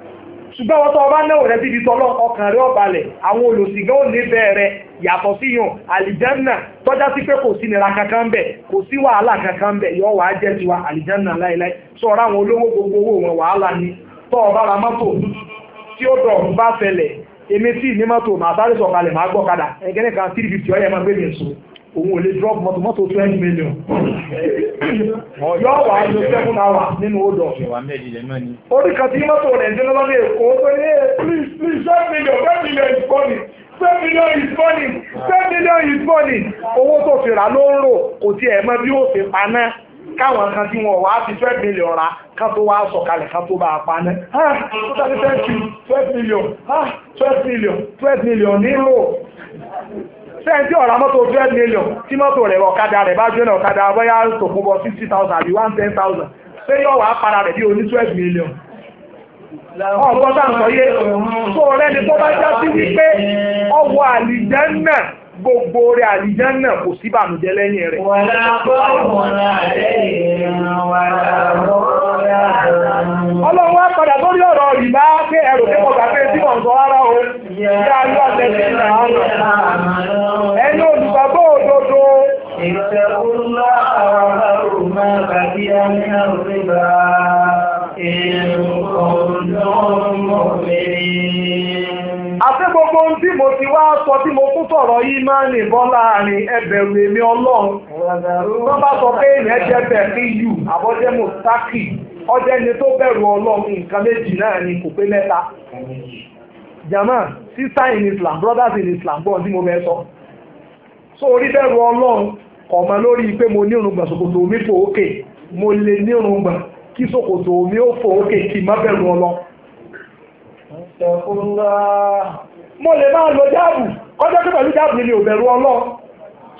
ṣùgbọ́n wọ́n tó ọba náà rẹ̀ síbi tọ́lọ́ ọkàn rẹ̀ ọ̀balẹ̀ àwọn olùsìgá ò ní bẹ̀rẹ̀ yàtọ̀ sí yàn àlìjánà tọ́já sí pé kò sí nira kankan bẹ̀ kò sí wàhálà kankan bẹ̀ yọ wàá jẹ́ tiwa àlìjánà láéláé sọ̀rọ̀ àwọn olówó gbogbo owó wọn wàhálà ni tọ́ ọba ra mọ́tò tí ó dọ̀ bá fẹlẹ̀ èmi tí ní mọ́tò màá sáré sọ̀kalẹ̀ màá gbọ́kadà ẹ̀gẹ́nìkan three fifty ọ̀yẹ́ máa gbé mi sùn òun ò drop mọ́tò mọ́tò twenty million yọ wà á lo seven hours nínú odò orí kan tí mọ́tò rẹ̀ ń dínlọ́lọ́ ní èkó ó ní eh, please please seven million seven million is money, seven million is money, seven million is burning owó tó fi rà ló ń rò kò tiẹ̀ mọ bí ó ṣe paná káwọn kan tí wọn wàá fi twelve million ra kan tó wàá sọ̀kalẹ̀ kan tó bá a pa ní. ha tó tàbí twelve million ha twelve million twelve million nílò. sẹ́ńtì ọ̀rá mọ́tò twelve million tí mọ́tò rẹ̀ ọ̀kadà rẹ̀ bá jóná ọ̀kadà bóyá tó kún bọ́ thousand àbí one ten thousand ṣé yóò wá para rẹ̀ bí oní twelve million. ọ̀gbọ́n tá yé tó tó gbogbo rẹ̀ àlìjẹ́nà kò sí bànújẹ́ lẹ́yìn rẹ̀. ọlọ́run wá padà ọ̀rọ̀ ìbá pé ẹrù mo gbà pé tí ń sọ Ìyá aláṣẹ ti nà ánà. Ẹni olùgbàgbọ́ òdodo. Ìtẹ̀kùnlá àwọn ọ̀rọ̀ bàbí àmì àrùbá. Àti gbogbo ohun tí mo ti wá sọ tí mo tún sọ̀rọ̀ yìí máa ń láàrin èmi ọlọ́run. Wọ́n bá sọ pé yù àbọ́jẹ́ ọjẹ́ ni tó bẹ̀rù ọlọ́run nǹkan méjì náà ni kò pé German sister in islam brothers in islam gbọ́n mo mẹ́sọ so orí ọlọ́run ọ̀mọ lórí pé mo ní òrùngbà omi fò òkè mo lè ní òrùngbà kí omi ó fò òkè kí má bẹ̀rù ọlọ́run. mo lè máa lo ni ò bẹ̀rù ọlọ́run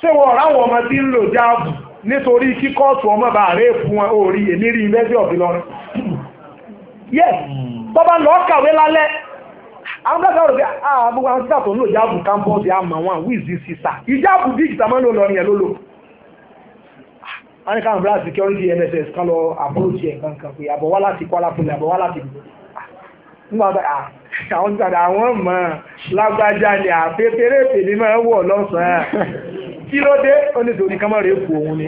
ṣé wọn ọ̀rá ọmọ ń jáàbù nítorí kí kóòtù ọmọ bá rè fún wọn àwọn káàkiri ọ̀rọ̀ bí àwọn àwọn títà tó ń lò ìjáàbù kámpọ́ọ̀sì àmà wọn wíìzì sísà ìjáàbù bí ìjìtà máa ń lò lọ́rin ẹ̀ ló lò. Ah, a ní káwọn bíra security NSS kan lọ àpọ́lọ́tì ẹ̀ kankan pé àbọ̀wá láti kọ́ alápolẹ̀ àbọ̀wá láti ah, nígbà ah, àwọn nígbàdà àwọn mọ̀ lágbájá ni àpépérépè ní máa ń wọ̀ lọ́sàn-án kí ló dé ó ní torí kámọ́ rèé kù òun ni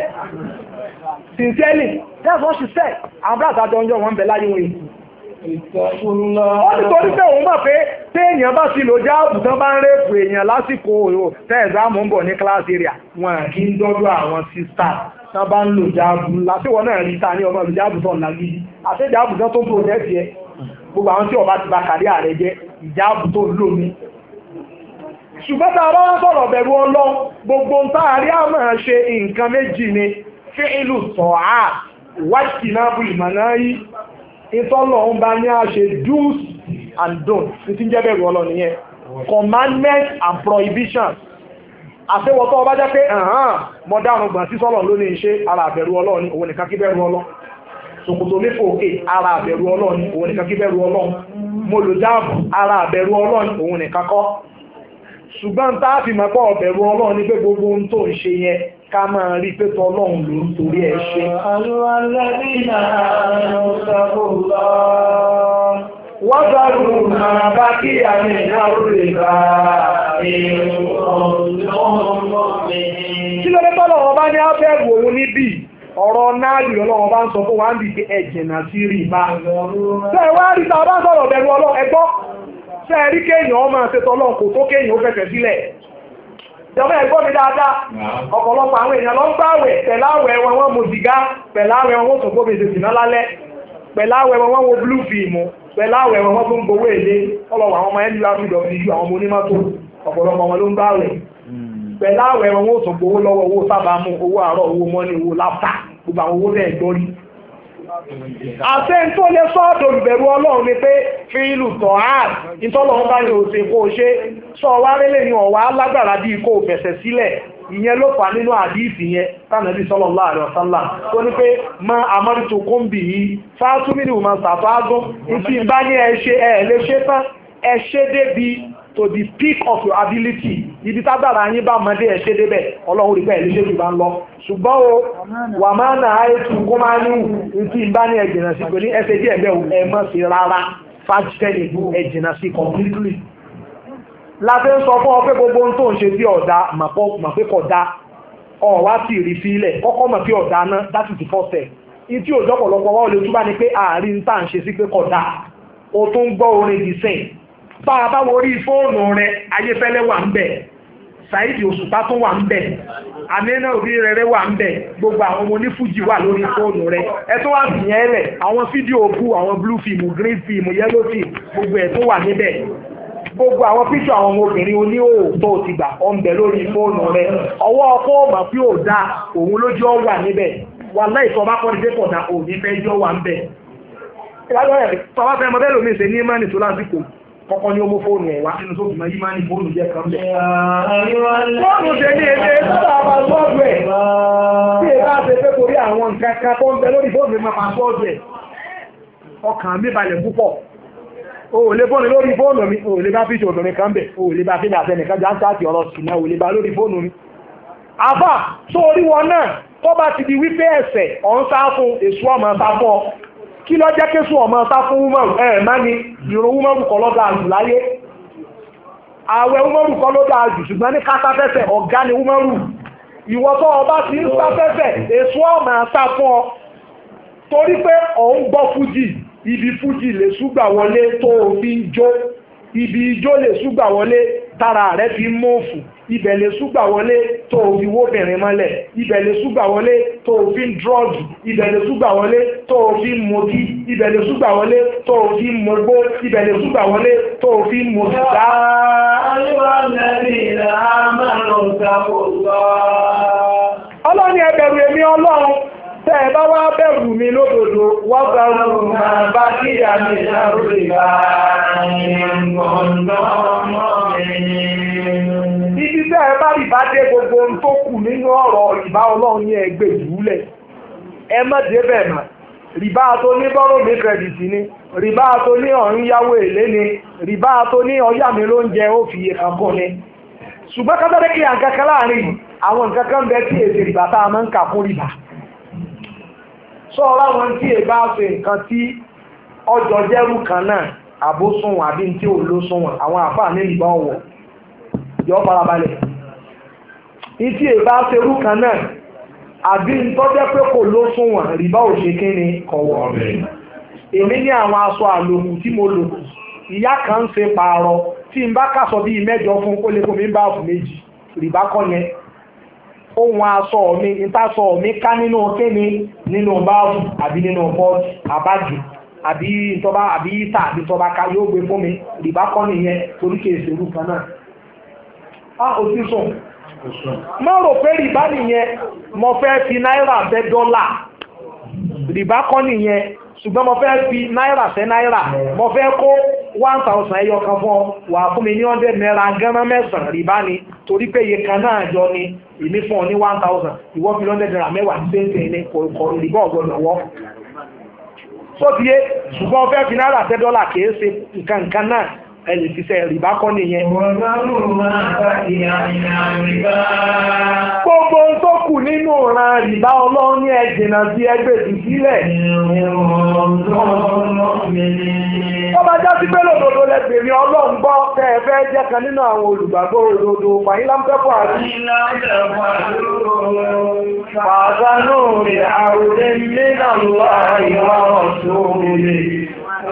sincerely that's what she said àwọn bíra àtàjọ ọjọ́ wọn bẹ̀ láyé wọn èkó wọ́n ti torí pé òun mọ̀ pé téèyàn bá ti lò jáàbù tán bá ń rèpù èèyàn lásìkò tẹ́ ẹ̀dáàmù ń bọ̀ ní kíláàsì rẹ̀ wọn kì í dọ́dọ̀ àwọn sísá tán bá ń lò jáàbù lásìwọ́ náà rí ta ní ọmọ ìlú jáàbù tán lágídí àti jáàbù tán tó ń project yẹ gbogbo àwọn tí ọba ti ba kàrí ààrẹ jẹ ìjáàbù tó lò ní. ṣùgbọ́n tá a bá ń sọ̀rọ̀ bẹ̀rù ọlọ́ gbogbo ń táàrí àmọ́ ṣe ìtọ́lọ̀ ń bá ní àṣẹ do's and don't. ní ti ń jẹ́ bẹ̀rù ọlọ́ nìyẹn commandments and prohibitions àṣewọ́tọ́ ọba jẹ́ pé ẹ̀hán mọ dárun gbọ̀n sí sọ́lọ̀ ló ní ṣe ara àbẹ̀rù ọlọ́ọ̀ni òun nìkan kí bẹ̀rù ọlọ́ ṣòkòtò mi fò òkè ara àbẹ̀rù ọlọ́ọ̀ni òun nìkan kí bẹ̀rù ọlọ́ọ̀ mo lò dáàbò ara àbẹ̀rù ọlọ́ọ̀ni òun nìkan kọ́ ṣùgbọ́n tá a fi mọ̀ pọ̀ ọ̀bẹ̀rù ọlọ́ọ̀ni pé gbogbo ohun tó ń ṣe yẹn ká máa rí pé tọ́lọ́run ló ń torí ẹ ṣe. wọ́n bá kí àmì náà rè bá kí ló dé tọ́lọ́run bá ní níbí ọ̀rọ̀ náà ọlọ́run bá ń sọ fún wa ń dìde sí rí bá. ṣé ẹ wá rí ta bá sọ̀rọ̀ bẹ̀rù ọlọ́run ẹgbọ́ ṣé ẹ rí kéèyàn ọmọ kò tó ìjọba ẹ̀gbọ́n mi dáadáa ọ̀pọ̀lọpọ̀ àwọn èèyàn ló ń gbàwẹ̀ pẹ̀láwẹ̀ wọn wọn mu sìgá pẹ̀láwẹ̀ wọn wọn tó gbóbi ṣe sìná lálẹ́ pẹ̀láwẹ̀ wọn wọn wo blue film pẹ̀láwẹ̀ wọn wọn tó ń gbowó èlé ọlọ́wọ́ àwọn ọmọ nurw àwọn ọmọ onímọ́tò ọ̀pọ̀lọpọ̀ wọn ló ń gbàwẹ̀ hmm. pẹ̀láwẹ̀ wọn wọn tó gbowó lọ́wọ́ owó sábàámu owó àárọ̀ owó mọ́ni owó lápá gbogbo àwọn owó bẹ́ẹ̀ gbọ́rí àṣẹ tó lè sọ́ọ̀dọ̀ ìbẹ̀rù ọlọ́run ni pé fi ìlú tọ̀ ṣe kó o ṣe sọ wá rélẹ̀ ní ọ̀wá lágbára bíi kó o sílẹ̀ ìyẹn ló fà nínú yẹn tánàbí sọlọ tó ní ma àmọ́rìtò kóńbì yìí ní ti bá ní to the peak of your ability ibi tágbàrà yín bá mọdé ẹ ṣe débẹ̀ Ọlọ́run rí bẹ́ẹ̀ lè ṣe jù bá ń lọ ṣùgbọ́n o wà máa nà á ètò kó máa ní ìtì ìbá ní ẹ̀jìnà sí pé ní ẹsẹ̀ díẹ̀ bẹ́ẹ̀ o ẹ mọ̀ sí rárá fájítẹ́lì bu ẹ̀jìnà sí completely. láti ń sọ fún ọ pé gbogbo ohun tó ń ṣe sí ọ̀dà mà pé kò dá ọ̀ wá sí ìrì sílẹ̀ kọ́kọ́ mọ̀ pé ọ̀dà náà that is the first step ìtí òjọ́pọ̀lọpọ̀ wa ò lè túbà ní pé àárín tá à ń ṣe sí pé kò dá o tún gbọ́ orin the same bá a bá wo orí fóònù rẹ ayéfẹ́lẹ́ wà ń bẹ̀ Saheed Òṣùpá tún wà ń bẹ̀ àmínà òbí rere wà ń bẹ̀ gbogbo àwọn ọmọ onífújì wà lórí fóònù rẹ ẹ tó wà fìyẹn lẹ̀ àwọn fídíò òkú àwọn blue film green film yellow film gbogbo ẹ̀ tó wà níbẹ̀ gbogbo àwọn píṣọ àwọn ọmọbìnrin oníhòòtó ti gbà ọ̀nbẹ lórí fóònù rẹ ọwọ́ fóònù àfi òdà òun lójú ọ wà níbẹ̀ wà láì sọ bá kọ́ni dépọ̀ dà òní fẹ́ jọ wà ń bẹ̀. ìlànà ẹ̀ tọ́wọ́ fẹ́ kọ́kọ́ ní ó mú fóònù ẹ̀ wá nínú tó fi máa yí máa ní fóònù jẹ́ kan bẹ́ẹ̀. fóònù ṣe ní èdè tó àwọn sọ́ọ̀dù ẹ̀ tí èyí bá ṣe pé kò rí àwọn nǹkan kan tó ń bẹ lórí fóònù máa pa sọ́ọ̀dù ẹ̀ ọkàn mi balẹ̀ púpọ̀ o ò lè fóònù lórí fóònù mi o ò lè bá fíṣe obìnrin kan bẹ̀ o ò lè bá fíṣe àtẹnìkan jáńtàtì ọ̀rọ̀ sùn náà o ò lè bá lórí fóònù mi àfà tó orí wọn náà tó bá ti di wípé ẹ̀sẹ̀ ọ̀n sá fún èṣù ọmọ sá fún ọ kí ló jẹ́ kéṣù ọmọ ọ̀tá fún woman ẹ̀ má ni ìrò woman kọ́ ló dáa jù láyé ààwẹ̀ woman kọ́ ló dáa jù ṣùgbọ́n ní kátàfẹ́fẹ́ ọ̀gá ni woman ìwọ tó ọba ti ń sáfẹ́fẹ́ èso ọmọ ọ̀tá fún ọ torí pé ọ̀ ń gbọ́ fújì ibi fújì lè ṣúgbà wọlé tó o fi ń jó ibi ijó lè ṣúgbà wọlé tára rẹ̀ fi mọ́ọ̀fù ibẹ̀ lè ṣúgbà wọlé tó o fi wóbìnrin mọ́lẹ̀ ibẹ̀ lè ṣúgbà wọlé tó o fi ń drọ́ọ̀gì ibẹ̀ lè ṣúgbà wọlé tó o fi ń mọ́tí ibẹ̀ lè ṣúgbà wọlé tó o fi ń mọ́gbó ibẹ̀ lè ṣúgbà wọlé tó o fi ń mọ́tí dá. ọlọ́ni ẹ èmi ọlọ́run tẹ́ ẹ bá wá bẹ̀rù mi lódodo wọ́n bá rú máa bá kíyà mi lárúbí bá ọ̀nà ibi tẹ́ ẹ bá rí bá dé gbogbo ohun tó kù nínú ọ̀rọ̀ ìbá ọlọ́run ẹ mà rìbá tó ní bọ́rọ̀ mi ni rìbá tó ní yáwó èlé ni rìbá tó ní ọyá mi lóúnjẹ ó fi ni ṣùgbọ́n kátàdé kí àwọn nǹkan kan bẹ tí sọ láwọn tí èbá ṣe nǹkan tí ọjọ́ jẹ́rù kan náà àbósùnwọ̀n àbí tí ò ló súnwọ̀n àwọn àfáà ní ìgbà ọ̀wọ̀ yọ farabalẹ̀ ìtí èbá ṣerú kan náà àbí tọ́jẹ́ pé kò ló súnwọ̀n rìbá ò ṣe kí ni kọ̀wọ̀ èmi ní àwọn aṣọ àlòkù tí mo lò ìyá kan ń ṣe pààrọ̀ tí n bá kàṣọ bíi mẹ́jọ fún kó lè fún mi bá fún méjì rìbá kọ́ yẹn ohun aṣọ mi ìtaṣọ mi ká nínú mi nínú báàbù àbí nínú pọ́ọ̀tì àbájù àbí ita àbí ìta àbí ìtọ́ba ká yóò gbé fún mi rìbá kọ́ nìyẹn torí kì í kan náà. a fi náírà bẹ́ dọ́là rìbá kọ́ nìyẹn ṣùgbọ́n mo fi náírà ṣe náírà mo fẹ́ kó one thousand ẹyọ kan fún ọ wà fún mi ní hundred naira gánà mẹ́sàn-án rìbá ni torí pé iye kan náà jọ ni èmi fún ọ ní one thousand ìwọ fi hundred naira mẹ́wàá ní twenty ní kò rìbá ọ̀gbọ́dọ̀ wọ́. sótìyé ṣùgbọ́n fẹ́ẹ́ fi náírà tẹ́ dọ́là kìí ṣe nǹkan nǹkan náà ẹni ṣiṣẹ́ rìbá kọ́ nìyẹn. gbogbo tó kù nínú ìran rìbá ọlọ́run ní ẹ̀jìnà sí ẹgbẹ́ ìsílẹ̀. wọ́n bá jásí pé lòdòdó lẹ́gbẹ̀rẹ̀ ọlọ́run gbọ́ tẹ́ ẹ fẹ́ jẹ́ kan nínú àwọn olùgbàgbọ́ òdodo lámpẹ́pọ̀ àti.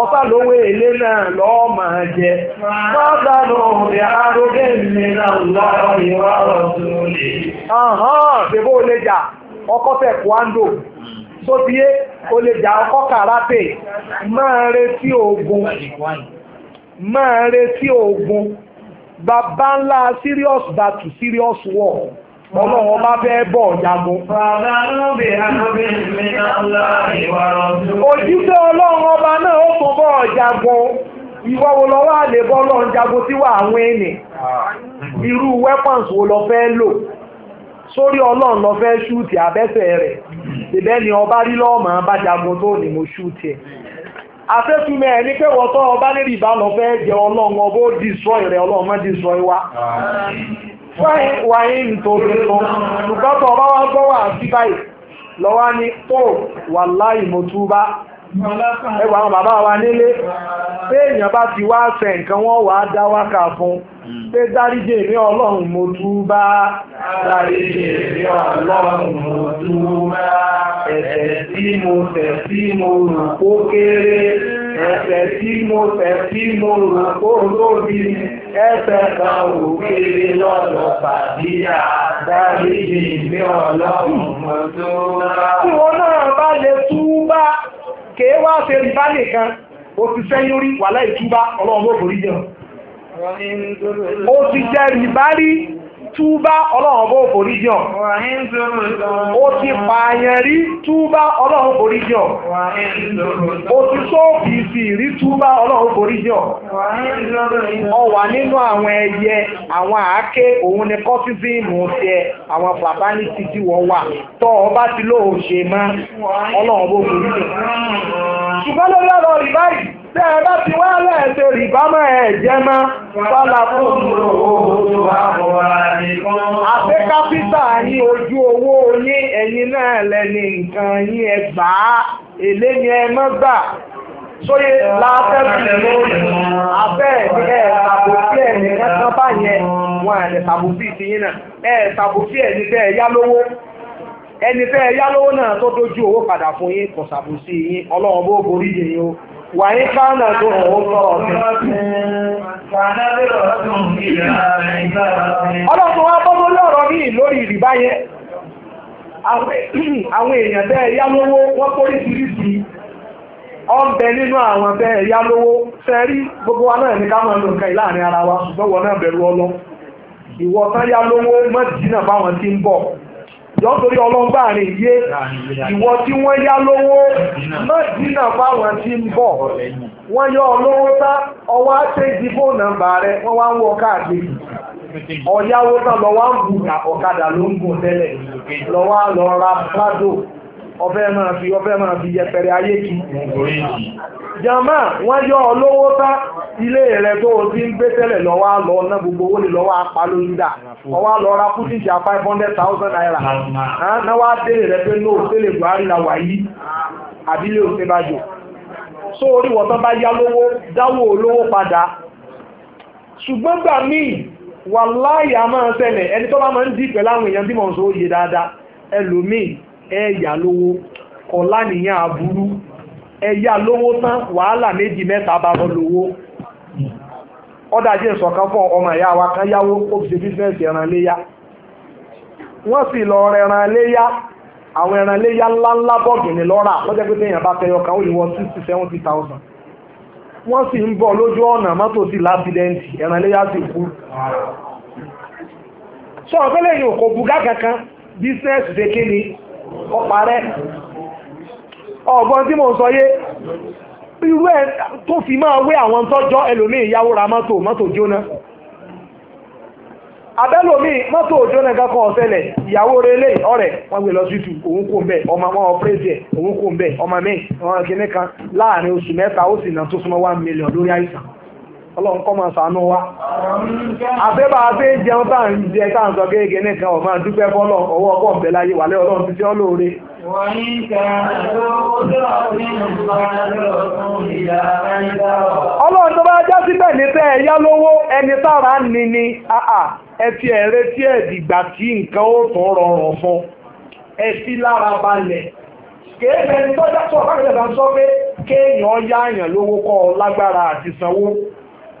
ọ̀tá lówó èlé náà lọ́ọ́ máa jẹ. Mọ́tà ló ń rí arógé mi náà lọ́rọ̀ ìwà ọ̀tún lè. Bèbó o lè jà ọkọ́ tẹ̀ kwando oleja o karate ogun ogun serious war. ọlọ́run bá fẹ́ bọ̀ jagun. òjíṣẹ́ ọlọ́run ọba náà ó tún bọ̀ jagun ìwọ wo lọ wá lè bọ́ ọlọ́run jagun tí wà àwọn ẹni ah. irú weapons wo lọ fẹ́ lò sórí ọlọ́run lọ fẹ́ ṣúùtì abẹ́sẹ̀ rẹ̀ ìbẹ́ ni ọba bá jago tó ní mo ṣúùtì ẹ̀ ẹ̀ ní ọba jẹ ọlọ́run ọba ó ọlọ́run má wa. Ah. wáyé nítorí tó ṣùgbọ́n tó ọba wa gbọ́ wà sí báyìí lọ́wọ́ ní tó wà láì mo túbá ẹwà àwọn bàbá wa nílé pé èèyàn bá ti wá ṣe nǹkan wọ́n wà á dá wákà fún pé dáríjì ní ọlọ́run mo túbá dáríjì ní ọlọ́run mo túbá ẹ̀ṣẹ̀ tí mo ṣẹ̀ tí mo rò kó kéré ẹ̀ṣẹ̀ tí mo ṣẹ̀ tí mo rò kó lóbi ẹ̀ṣẹ̀ kan ò kéré lọ́dọ̀ pàdíyà dáríjì ní ọlọ́run mo túbá. tí wọn náà bá lè túbá. kèé wá ṣe rìbá o ti sẹ́yìn rí wàhálà jẹun o ti túbá ọlọ́run bó forí ó ti pààyàn rí túbá ọlọ́run forí ó ti sóòfì sí rí túbá ọlọ́run forí ó wà nínú àwọn ẹyẹ àwọn àáké òun ni kọ́sísìmù tiẹ̀ àwọn fàbánítì tí wọ́n wà tó o bá ti ṣe mọ́ ọlọ́run bó tẹ́ ẹ bá ti wá lẹ́ẹ̀ṣẹ̀ rìbá mọ́ ẹ̀ jẹ́ mọ́ fọ́lá fún àti kápítà yín ojú owó yín ẹ̀yin náà lẹ́ni nǹkan yín ẹ gbà á èlé ni ẹ mọ́ gbà sóyè láfẹ́ bí lórí afẹ́ ẹ̀ tàbùkí ẹ̀ ní kankan báyẹn wọn ẹ̀ tàbùkí ti yín náà ẹ̀ tàbùkí ẹ̀ ní bẹ́ẹ̀ yá lówó ẹni tẹ́ ẹ yá lówó náà tó dojú owó padà fún yín kọ̀sàbùsí yín ọlọ́run bó borí yìí o. wàyí kánà tó òun sọ̀rọ̀ sí. ọlọ́run wá bọ́ lórí ọ̀rọ̀ ní lórí ìrìbá àwọn èèyàn bẹ́ẹ̀ yá wọ́n kórí sírísì ọ̀bẹ nínú àwọn bẹ́ẹ̀ yá lówó gbogbo wa náà ní ara náà bẹ̀rù ọlọ́ jọ torí ọlọ́gbà rìn yé ìwọ tí wọ́n yá lówó má dínà fáwọn tí ń bọ̀ wọ́n yọ olówó tá ọwọ́ àtẹ́jì fóònù nàmbà rẹ wọ́n wá ń wọ káàkiri ọ̀yáwó tá lọ́wọ́ ń ọ̀kadà ló ń gùn ọfẹ́ máa fi ọfẹ́ máa fi yẹpẹrẹ ayé kí jama wọ́n yọ olówó ilé rẹ̀ tó ti ń gbé tẹ́lẹ̀ lọ́wọ́ lọ ná gbogbo owó le lọ́wọ́ apá lórí dà ọwọ́ lọ ra a five hundred thousand naira náà wá délé rẹ̀ pé tẹ́lẹ̀ Buhari la wà yìí àbílẹ̀ òṣèbàjò so orí wọ̀tán bá yá lówó olówó padà ṣùgbọ́n gbà ẹni tó bá máa ń láwọn èèyàn bí ẹ̀yà lówó kọ̀lá aburu aburú ẹ̀yà lówó tán wàhálà méjì mẹ́ta bá lówó ọ̀dà jẹ́ ìsọ̀kan fún ọmọ ìyá wa kan yáwó kó fi ṣe bísíǹsì ẹran wọ́n sì lọ ẹran léyà àwọn ẹran léyà ńláńlá bọ́ọ̀gìnì lọ́ra lọ́jọ́ pé téèyàn bá kan ó lè wọ sọ bùgá kankan bísíǹsì kó parẹ́ ọ̀gbọ́n tí mò sọ yé irú tó fi máa wé àwọn tọ́jọ́ ẹlòmíì yáwó ra mọ́tò mọ́tò jóná abẹ́lòmíì mọ́tò jóná kankan ọ̀sẹ̀lẹ̀ ìyàwó relé ọ̀rẹ́ gbé lọ sítú òun kò ọmọ wọn ẹ̀ òun láàrin oṣù mẹ́ta ó sì ná tó million lórí ọlọ́run kọ́ sànú wa àfẹ́bà àfẹ́ jẹun ń jẹ ń sọ nìkan bọ́lọ̀ ọwọ́ ọkọ̀ wà ti ṣe ọ́ lóore. ọlọ́run tó bá já síbẹ̀ ní tẹ́ ẹ yá lówó ẹni tára ni ni ẹ fi ẹ̀rẹ́ tí ẹ̀ dìgbà nǹkan ó tún rọrùn fún ẹ lára balẹ̀ tó dá kéèyàn lówó kọ́ lágbára àti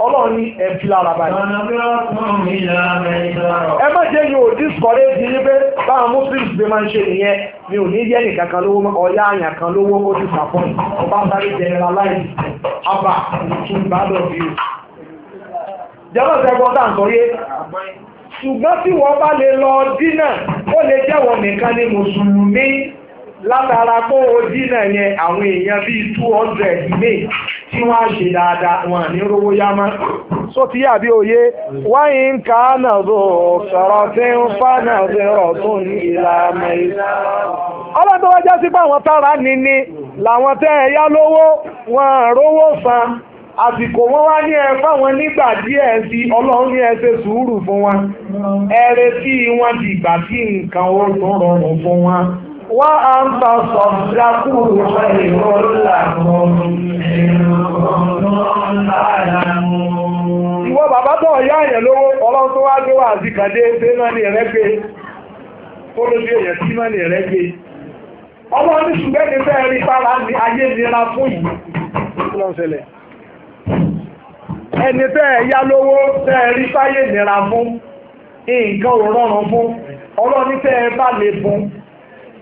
ọlọ́run ní ẹbí lára báyìí. ẹ má jẹ́ yóò discourage yín pé báwọn muslims máa ń ṣe nìyẹn mi ò ní yẹ nìkan kan lówó ọ̀yá àyàn kan lówó ó ti ọba sáré abba tún bí o. jẹ́wọ́n tá à ń sọ yé ṣùgbọ́n tí wọ́n bá lè lọ dínà ó lè jẹ́wọ́ látara tó o dínà yẹn àwọn èèyàn bíi two hundred tí wọ́n á ṣe dáadáa wọn ní rówó yá mọ́. ti yàbí òye wáyé ń ka sọ̀rọ̀ tí ń fa náà rọ̀ tó ní ìlànà ìlà. ọlọ́dún jẹ́ ni làwọn tẹ́ ẹ yá wọn rówó san àsìkò wọn wá ní ẹ fáwọn nígbà sí ẹ ṣe sùúrù fún wa ẹ retí wọn dìgbà wá à ń bá sọ̀rọ̀ kúrò ìwọ bàbá tó ọ̀yá èèyàn lówó ọlọ́run tó wá gbé wà sí kàdé ṣe náà ní ẹ̀rẹ́gbé tó ló gbé èèyàn sí náà ní ẹ̀rẹ́gbé ọmọ ní ṣùgbẹ́ ní fẹ́ rí para ní ayé nira fún yìí lọ́sẹ̀lẹ̀ ẹni fẹ́ yá lówó fẹ́ rí sáyé nira fún nǹkan ò fún ọlọ́run fẹ́ bá lè fún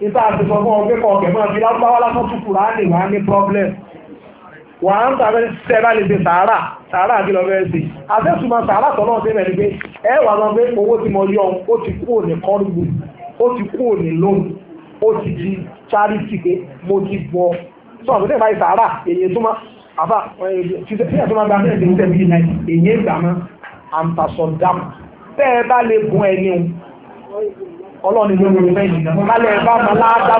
ìta àti sọ fún ọgbẹ́ kan ọ̀kẹ́ máa fi lágbáwá lásán tún kùrá ní wàá ní problem wàá ń tàbí tẹ́ bá lè ṣe sàárà sàárà kí lọ bẹ́ẹ̀ sí àfẹ́sùmọ̀ sàárà tọ́lọ́ ṣe bẹ̀rẹ̀ pé ẹ wà lọ pé owó tí mo yọ ó ti kú òní kọ́rùgbù ó ti kú òní lóhùn ó ti di charity pé mo ti bọ̀ sọ àbúté ìbáyìí sàárà èyí tó máa àbá fífẹ́ tó máa gba fẹ́ẹ̀ tẹ̀wé tẹ̀wé náà èyí ìgbà náà àǹtàsọ̀dàm bá lè gun ẹni ọlọ́ni ló ló fẹ́ kálẹ̀ bá ma láàdá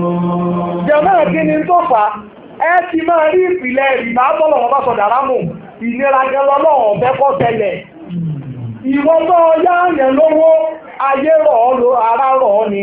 bọ́ kí ni tó fà ẹ ti máa rí ìpìlẹ̀ ìbá bọ́lọ̀ wọn bá mù ìnira kọ́ ìwọ́n tó yáàyàn lówó ayé rọ̀ ọ́ ni.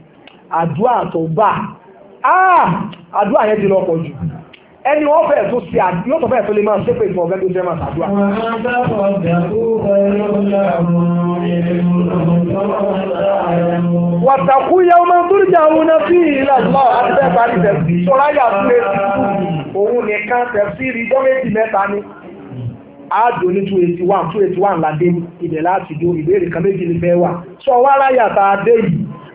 àdúrà tó gbà ah, àdúrà yẹn ti lọ pọ̀ jù ẹni wọ́n fẹ́ tó ṣe yóò tó fẹ́ tó lè máa ṣépè fún ọ̀gá tó jẹ́ máa ṣàdúrà. wàtàkù yẹ ọmọ nítorí jà òun náà sí ilé àdúrà àti bẹ́ẹ̀ parí tẹ̀sí sọ́ra yà sílé òun nìkan tẹ̀sí rí jọ́ mẹ́ta ni áàdù ní two eighty one two láti dó ìbéèrè kan méjì ní bẹ́ẹ̀ wà sọ wàrà yàtà adé yìí.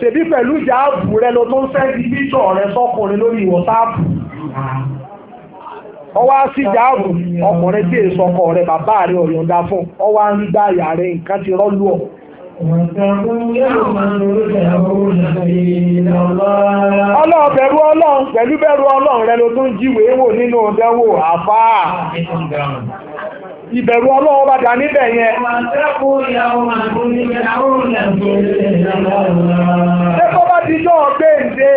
ṣèbí pẹ̀lú ìjáàbù rẹ ló tó ń sẹ́ndì píṣọ̀ rẹ sọ́kùnrin lórí wọ́sáàpù ọwá sí ìjáàbù ọkùnrin tí èso ọkọ rẹ bàbá rẹ ọ̀yọ̀ǹda fún ọwá ń gbá ìyá rẹ nǹkan ti rọ́lù ọ̀. Ọlọ́run bẹ̀rù ọlọ́run pẹ̀lú bẹ̀rù ọlọ́run rẹ ló tún jíwèé wò nínú ìdánwò àfáà. ìbẹ̀rù ọlọ́wọ́ bá dà níbẹ̀ yẹn. Ẹkọ́ bá ti jọ ọ̀gbẹ́ǹde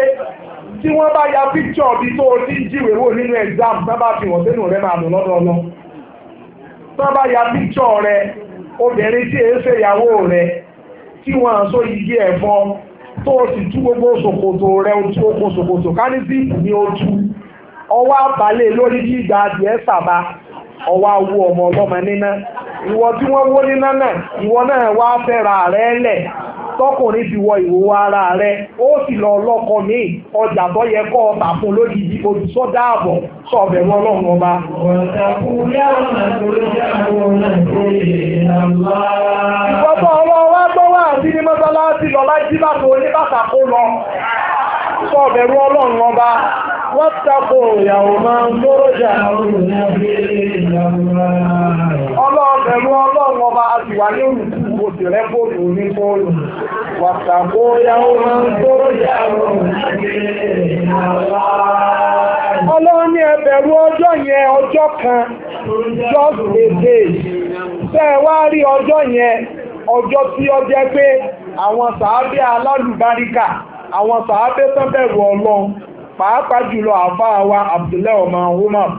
tí wọ́n bá ya píkṣọ̀ bí tó ti ń jíwèé wò nínú exam tá bá fi wọ̀n sínú rẹ̀ máa dùn lọ́dọ̀ lọ. Tá bá ya píkṣọ̀ rẹ obìnrin tí èé ṣe ìyàwó rẹ tí wọ́n à ń so igi ẹ̀fọ́ tó o sì tú gbogbo ṣòkòtò rẹ ojú oko ṣòkòtò kánísìpù ní ojú ọwọ́ àbálẹ̀ lórí bí ìgbà adìẹ sábà ọwọ́ awu ọmọ ọlọ́mọ níná ìwọ tí wọ́n wó níná náà ìwọ náà wá fẹ́ ra rẹ lẹ̀ tọkùnrin ti wọ ìwò ara rẹ ó sì lọ ọlọ́kọ ní ọjà tó yẹ kọ́ ọ̀tà fún lójijì àbọ̀ sọ̀bẹ̀ ọba. ọlọ́wọ́ gbọ́wọ́ àti ní mọ́sálásí lọ sọ̀bẹ̀ wọn ọba wọ́n tako ìyàwó máa ń Ọlọ́ọ̀bẹ̀rún ọlọ́run ọba a ti wà ní òrùkú mo sì rẹ́pọ̀tù ní bọ́ọ̀lù. Wàtàkó yàwó máa ń tó yàwó ọlọ́run ní ẹbẹ̀rún ọjọ́ yẹn ọjọ́ kan just a day. Ṣé ẹ wá rí ọjọ́ yẹn ọjọ́ tí ó jẹ́ pé àwọn sàábẹ́ alálùbáríkà àwọn sàábẹ́ tán bẹ̀rù ọlọ́run pàápàá jùlọ àfáà wa Abdullahi ọmọ Umar.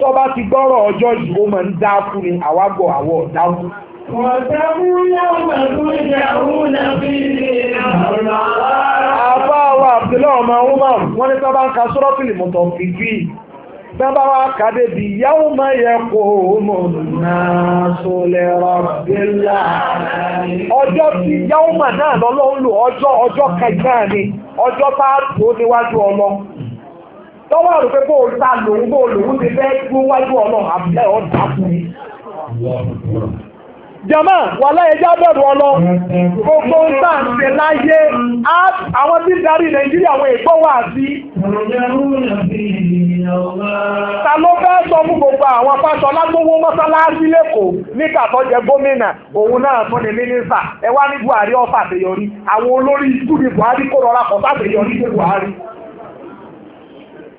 tó bá ti gbọ́rọ̀ ọjọ́ yìí ó máa ń dá fún ni àwágbọ̀ àwọ̀ ọ̀dáwọ̀. Àbá wọ́n ní sábà ń ka Sábà wa kàdé bí yàwó máa yẹ kó mò náà sólẹ̀ rọ̀bílà. Ọjọ́ tí yàwó máa náà lọ́lọ́ ń lò ọjọ́ ọjọ́ ni ọjọ́ bá tó níwájú ọlọ́. tọ́wọ́ rò pé bóòlù ta lòun bóòlù òun ti fẹ́ gbó wájú ọlọ́run ọ̀dà fún mi. jama ọlọ gbogbo ń ń àwọn tí ń àwọn wà sí. ta ló fẹ́ sọ fún gbogbo àwọn apáṣọ lágbówó mọ́sálásí lẹ́kọ̀ọ́ jẹ gómìnà òun náà ni ẹ wá ní buhari ọ̀fà àṣeyọrí àwọn olórí ìtúbi buhari kó rọra buhari.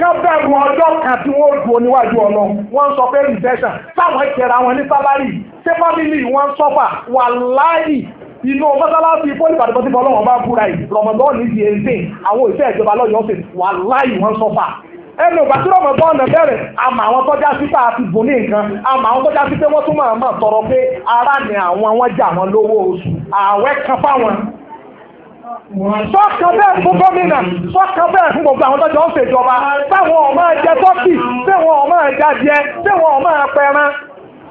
kábẹ́rù ọjọ́ kan tí wọ́n dùn níwájú ọ̀nà wọ́n ń sọ pé recession táwọn ìkẹrẹ àwọn ní sálárì ṣé fámìlì wọ́n ń sọ́fà wà láàyè inú mọ́sálásí pọ́lì pàdébọ́ tí bọ́lọ́wọ́n bá búra yìí rọmọdọ́ọ̀ ní di èzè àwọn òṣìṣẹ́ ìjọba lọ́yọ̀ọ́ sì wà láàyè wọ́n ń sọ́fà ẹnu ìgbà tí rọmọdún ọ̀nà bẹ̀rẹ̀ àmọ́ àwọn tọ́já sí tá a ti bùn ní nǹkan àmọ́ àwọn tọ́já sí pé wọ́n tún máa máa tọrọ pé ara ni àwọn wọn jà wọn lówó oṣù ààwẹ̀ kan fáwọn sọ́kà bẹ́ẹ̀ fún gómìnà sọ́kà bẹ́ẹ̀ fún gbogbo àwọn tọ́jọ́ ń ṣèjọba táwọn ọmọ ẹ̀jẹ̀ tọ́kì táwọn ọmọ ẹ̀jẹ̀ adìẹ táwọn ọmọ ẹ̀pẹ̀rán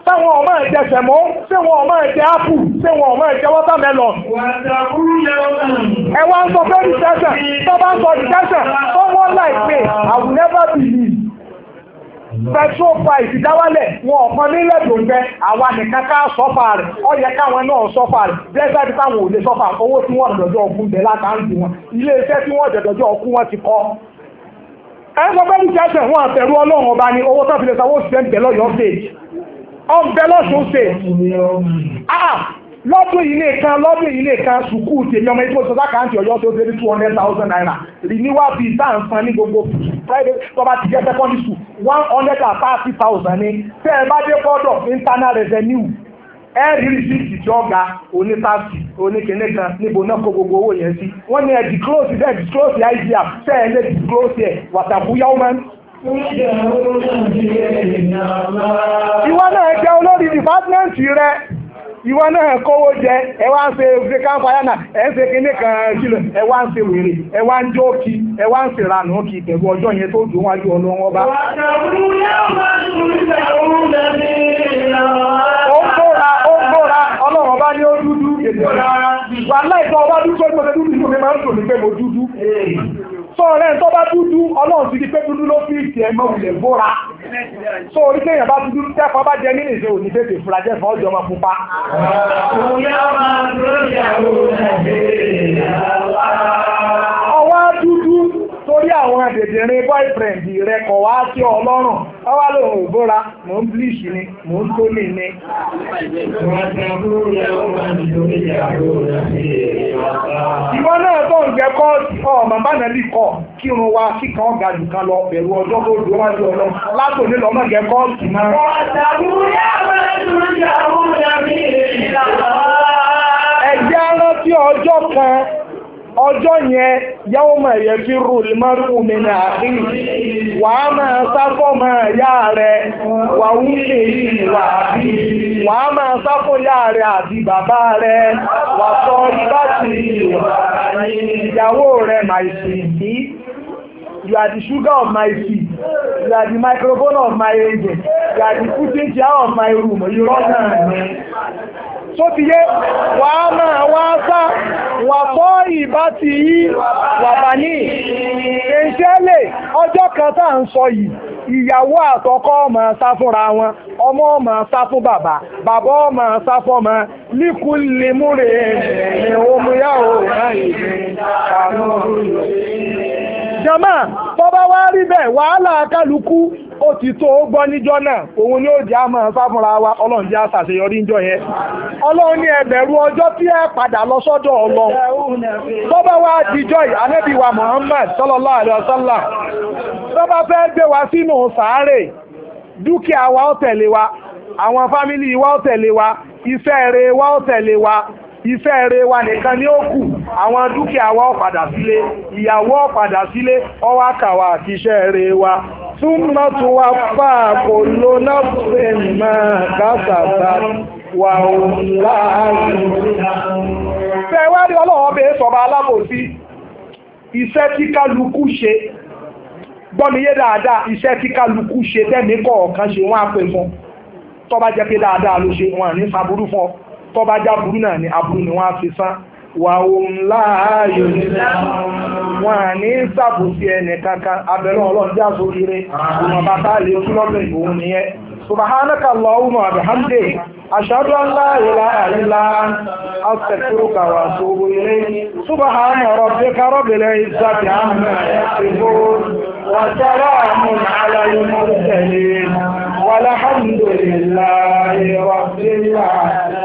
táwọn ọmọ ẹ̀jẹ̀ sẹ̀mọ́ táwọn ọmọ ẹ̀jẹ̀ ápù táwọn ọmọ ẹ̀jẹ̀ wọ́tàmẹ́lọ̀. ẹ wá ń sọ fẹ́ẹ́ rìsẹ́sẹ̀ tó bá ń sọ rìsẹ́sẹ̀ tó wọ́n láìpẹ́ I will never believe petrol price dáwálẹ̀ wọn ọ̀kan nílẹ̀ tó ń bẹ àwa nìkan ká sọ́fà rẹ̀ ó yẹ káwọn náà sọ́fà rẹ̀ blẹ́sẹ̀ bí táwọn ò lè sọ́fà owó tí wọ́n dọ̀dọ̀ ọkùn bẹ̀ lákàntì wọn ilé iṣẹ́ tí wọ́n dọ̀dọ̀ ọkùn wọn ti kọ́. ẹ sọ pé ní kẹsẹ̀ wọn àtẹ̀rù ọlọ́run ọba ni owó tó fi lè sanwó sí ẹ̀ ń bẹ̀ lọ́yọ̀ọ́ stage ọ̀ ń bẹ lọ́sùn stage lọ́dún yìí nìkan lọ́dún yìí nìkan sùkúù tèmi ọmọ ìfowópamọ́ sọ́dá kàǹtì ọ̀yọ́ tó dé ní two hundred thousand naira renewal fee tá à ń san ní gbogbo private tọ́ba ti jẹ́ secondary school one hundred and thirty thousand ní tẹ́ ẹ bá dé bọ́dọ̀ internal revenue ẹ̀rí rìsíìtì tí ó ga onítàsí oníkìíní kan níbo náà kó gbogbo owó yẹn sí wọ́n ní ẹ̀ disclose ẹ̀ disclose idea tẹ́ ẹ lè disclose ẹ̀ wàtàkù yawman. ìwọ náà jẹ́ olórí dìpátmẹ́ǹtì rẹ ìwọ náà kówó jẹ ẹ wá ń ṣe african fayana ẹ ń ṣe kinní kan kílò ẹ wá ń ṣe wèrè ẹ wá ń jó kí ẹ wá ń ṣèlànà kí ìtẹ̀wé ọjọ́ yẹn tó dùn wájú ọlọ́run ọba. ó ń bóra ó ń ọlọ́run ní ó dúdú. mo dúdú. sọ ọ̀rẹ́ tó bá dúdú ọlọ́run ti di pé dúdú ló fi ìtì ẹ̀mọ́ wulẹ̀ bóra So orí kéèyàn bá dúdú tẹ́fọ́ bá jẹ nínú ìṣe òní tètè fúra jẹ́ fún ọjọ́ ọmọ pupa. ọwọ́ dúdú àwọn dèdèrìn boyfriend rẹ kọ̀ wá sí ọlọ́rùn ọwá lòun ò bóra mò ń bleach ni mò ń tó lè ní. ìwọ náà tó ń jẹ kọ́ọ̀tì ọ màmá náà lè kọ́ kírun wa kíkan ọ̀gá nìkan lọ pẹ̀lú ọjọ́ tó dúró wájú látò ní lọ́mọ jẹ náà. ẹ̀jẹ̀ ọjọ́ yẹn yàwó mà yẹ fi rúlì má rú mi ní àrí wà á máa sáfọ́ máa yá rẹ̀ wà wú lè yí wà àbí wà á máa sáfọ́ yá rẹ̀ àbí bàbá rẹ̀ wà sọ ibà sí ìyàwó rẹ̀ màìsì yìí. You are the sugar of my feet. You are the microphone of my engine. You are the footing chair of my room. You run down tó ti yé wà á máa wá sá wà fọ́ ìbá ti yí wà bá ní ìṣẹ́lẹ̀ ọjọ́ kan tá à ń sọ yìí ìyàwó àtọkọ ọmọ sá fúnra wọn ọmọ ọmọ sá fún bàbá bàbá ọmọ sá fọmọ líkùlé múre ní omuyàwó náà ìdí jama bọ́bá wá rí bẹ́ẹ̀ wàhálà kálukú ó ti tó naa, gbọ́ níjọ́ náà òun ni ó jẹ́ àmọ́ wa ọlọ́run jẹ́ àṣàṣeyọrí níjọ́ yẹn ọlọ́run ní ẹbẹ̀rù ọjọ́ tí ẹ padà lọ sọ́dọ̀ ọlọ́run tó bá wá yìí wa Muhammad sallallahu alaihi tó sínú sàárè dúkìá wa ó tẹ̀lé àwọn fámìlì wa ó tẹ̀lé wa iṣẹ́ wa ó túmọ̀ tún wá fà kò ló náà fẹ́ máa kásàtà wà ó láàárín. Fẹ́wárí ọlọ́wọ́ bẹ́ẹ̀ sọ̀rọ̀ alábòsí, iṣẹ́ tí kálukú ṣe, gbọ́miyé dáadáa, iṣẹ́ tí kálukú ṣe tẹ́mi kọ̀ọ̀kan ṣe wọ́n á pè fún. Tọ́ba jẹ́ pé dáadáa ló ṣe wọn ní sàbúrú fún ọ, tọ́ba já burú náà ní aburú ni wọ́n á fi sán wàhùn láàyò wọn à ní sàbòsí ẹnì kankan abẹ́rẹ́ ọlọ́run jẹ́ àsòrire ìwọ̀n bàtà lè kú lọ́bẹ̀ ìbòun nìyẹn subhanaka allahumma wa bihamdik ashhadu an la ilaha illa anta astaghfiruka wa atubu ilayk subhana rabbika rabbil izzati amma yasifun wa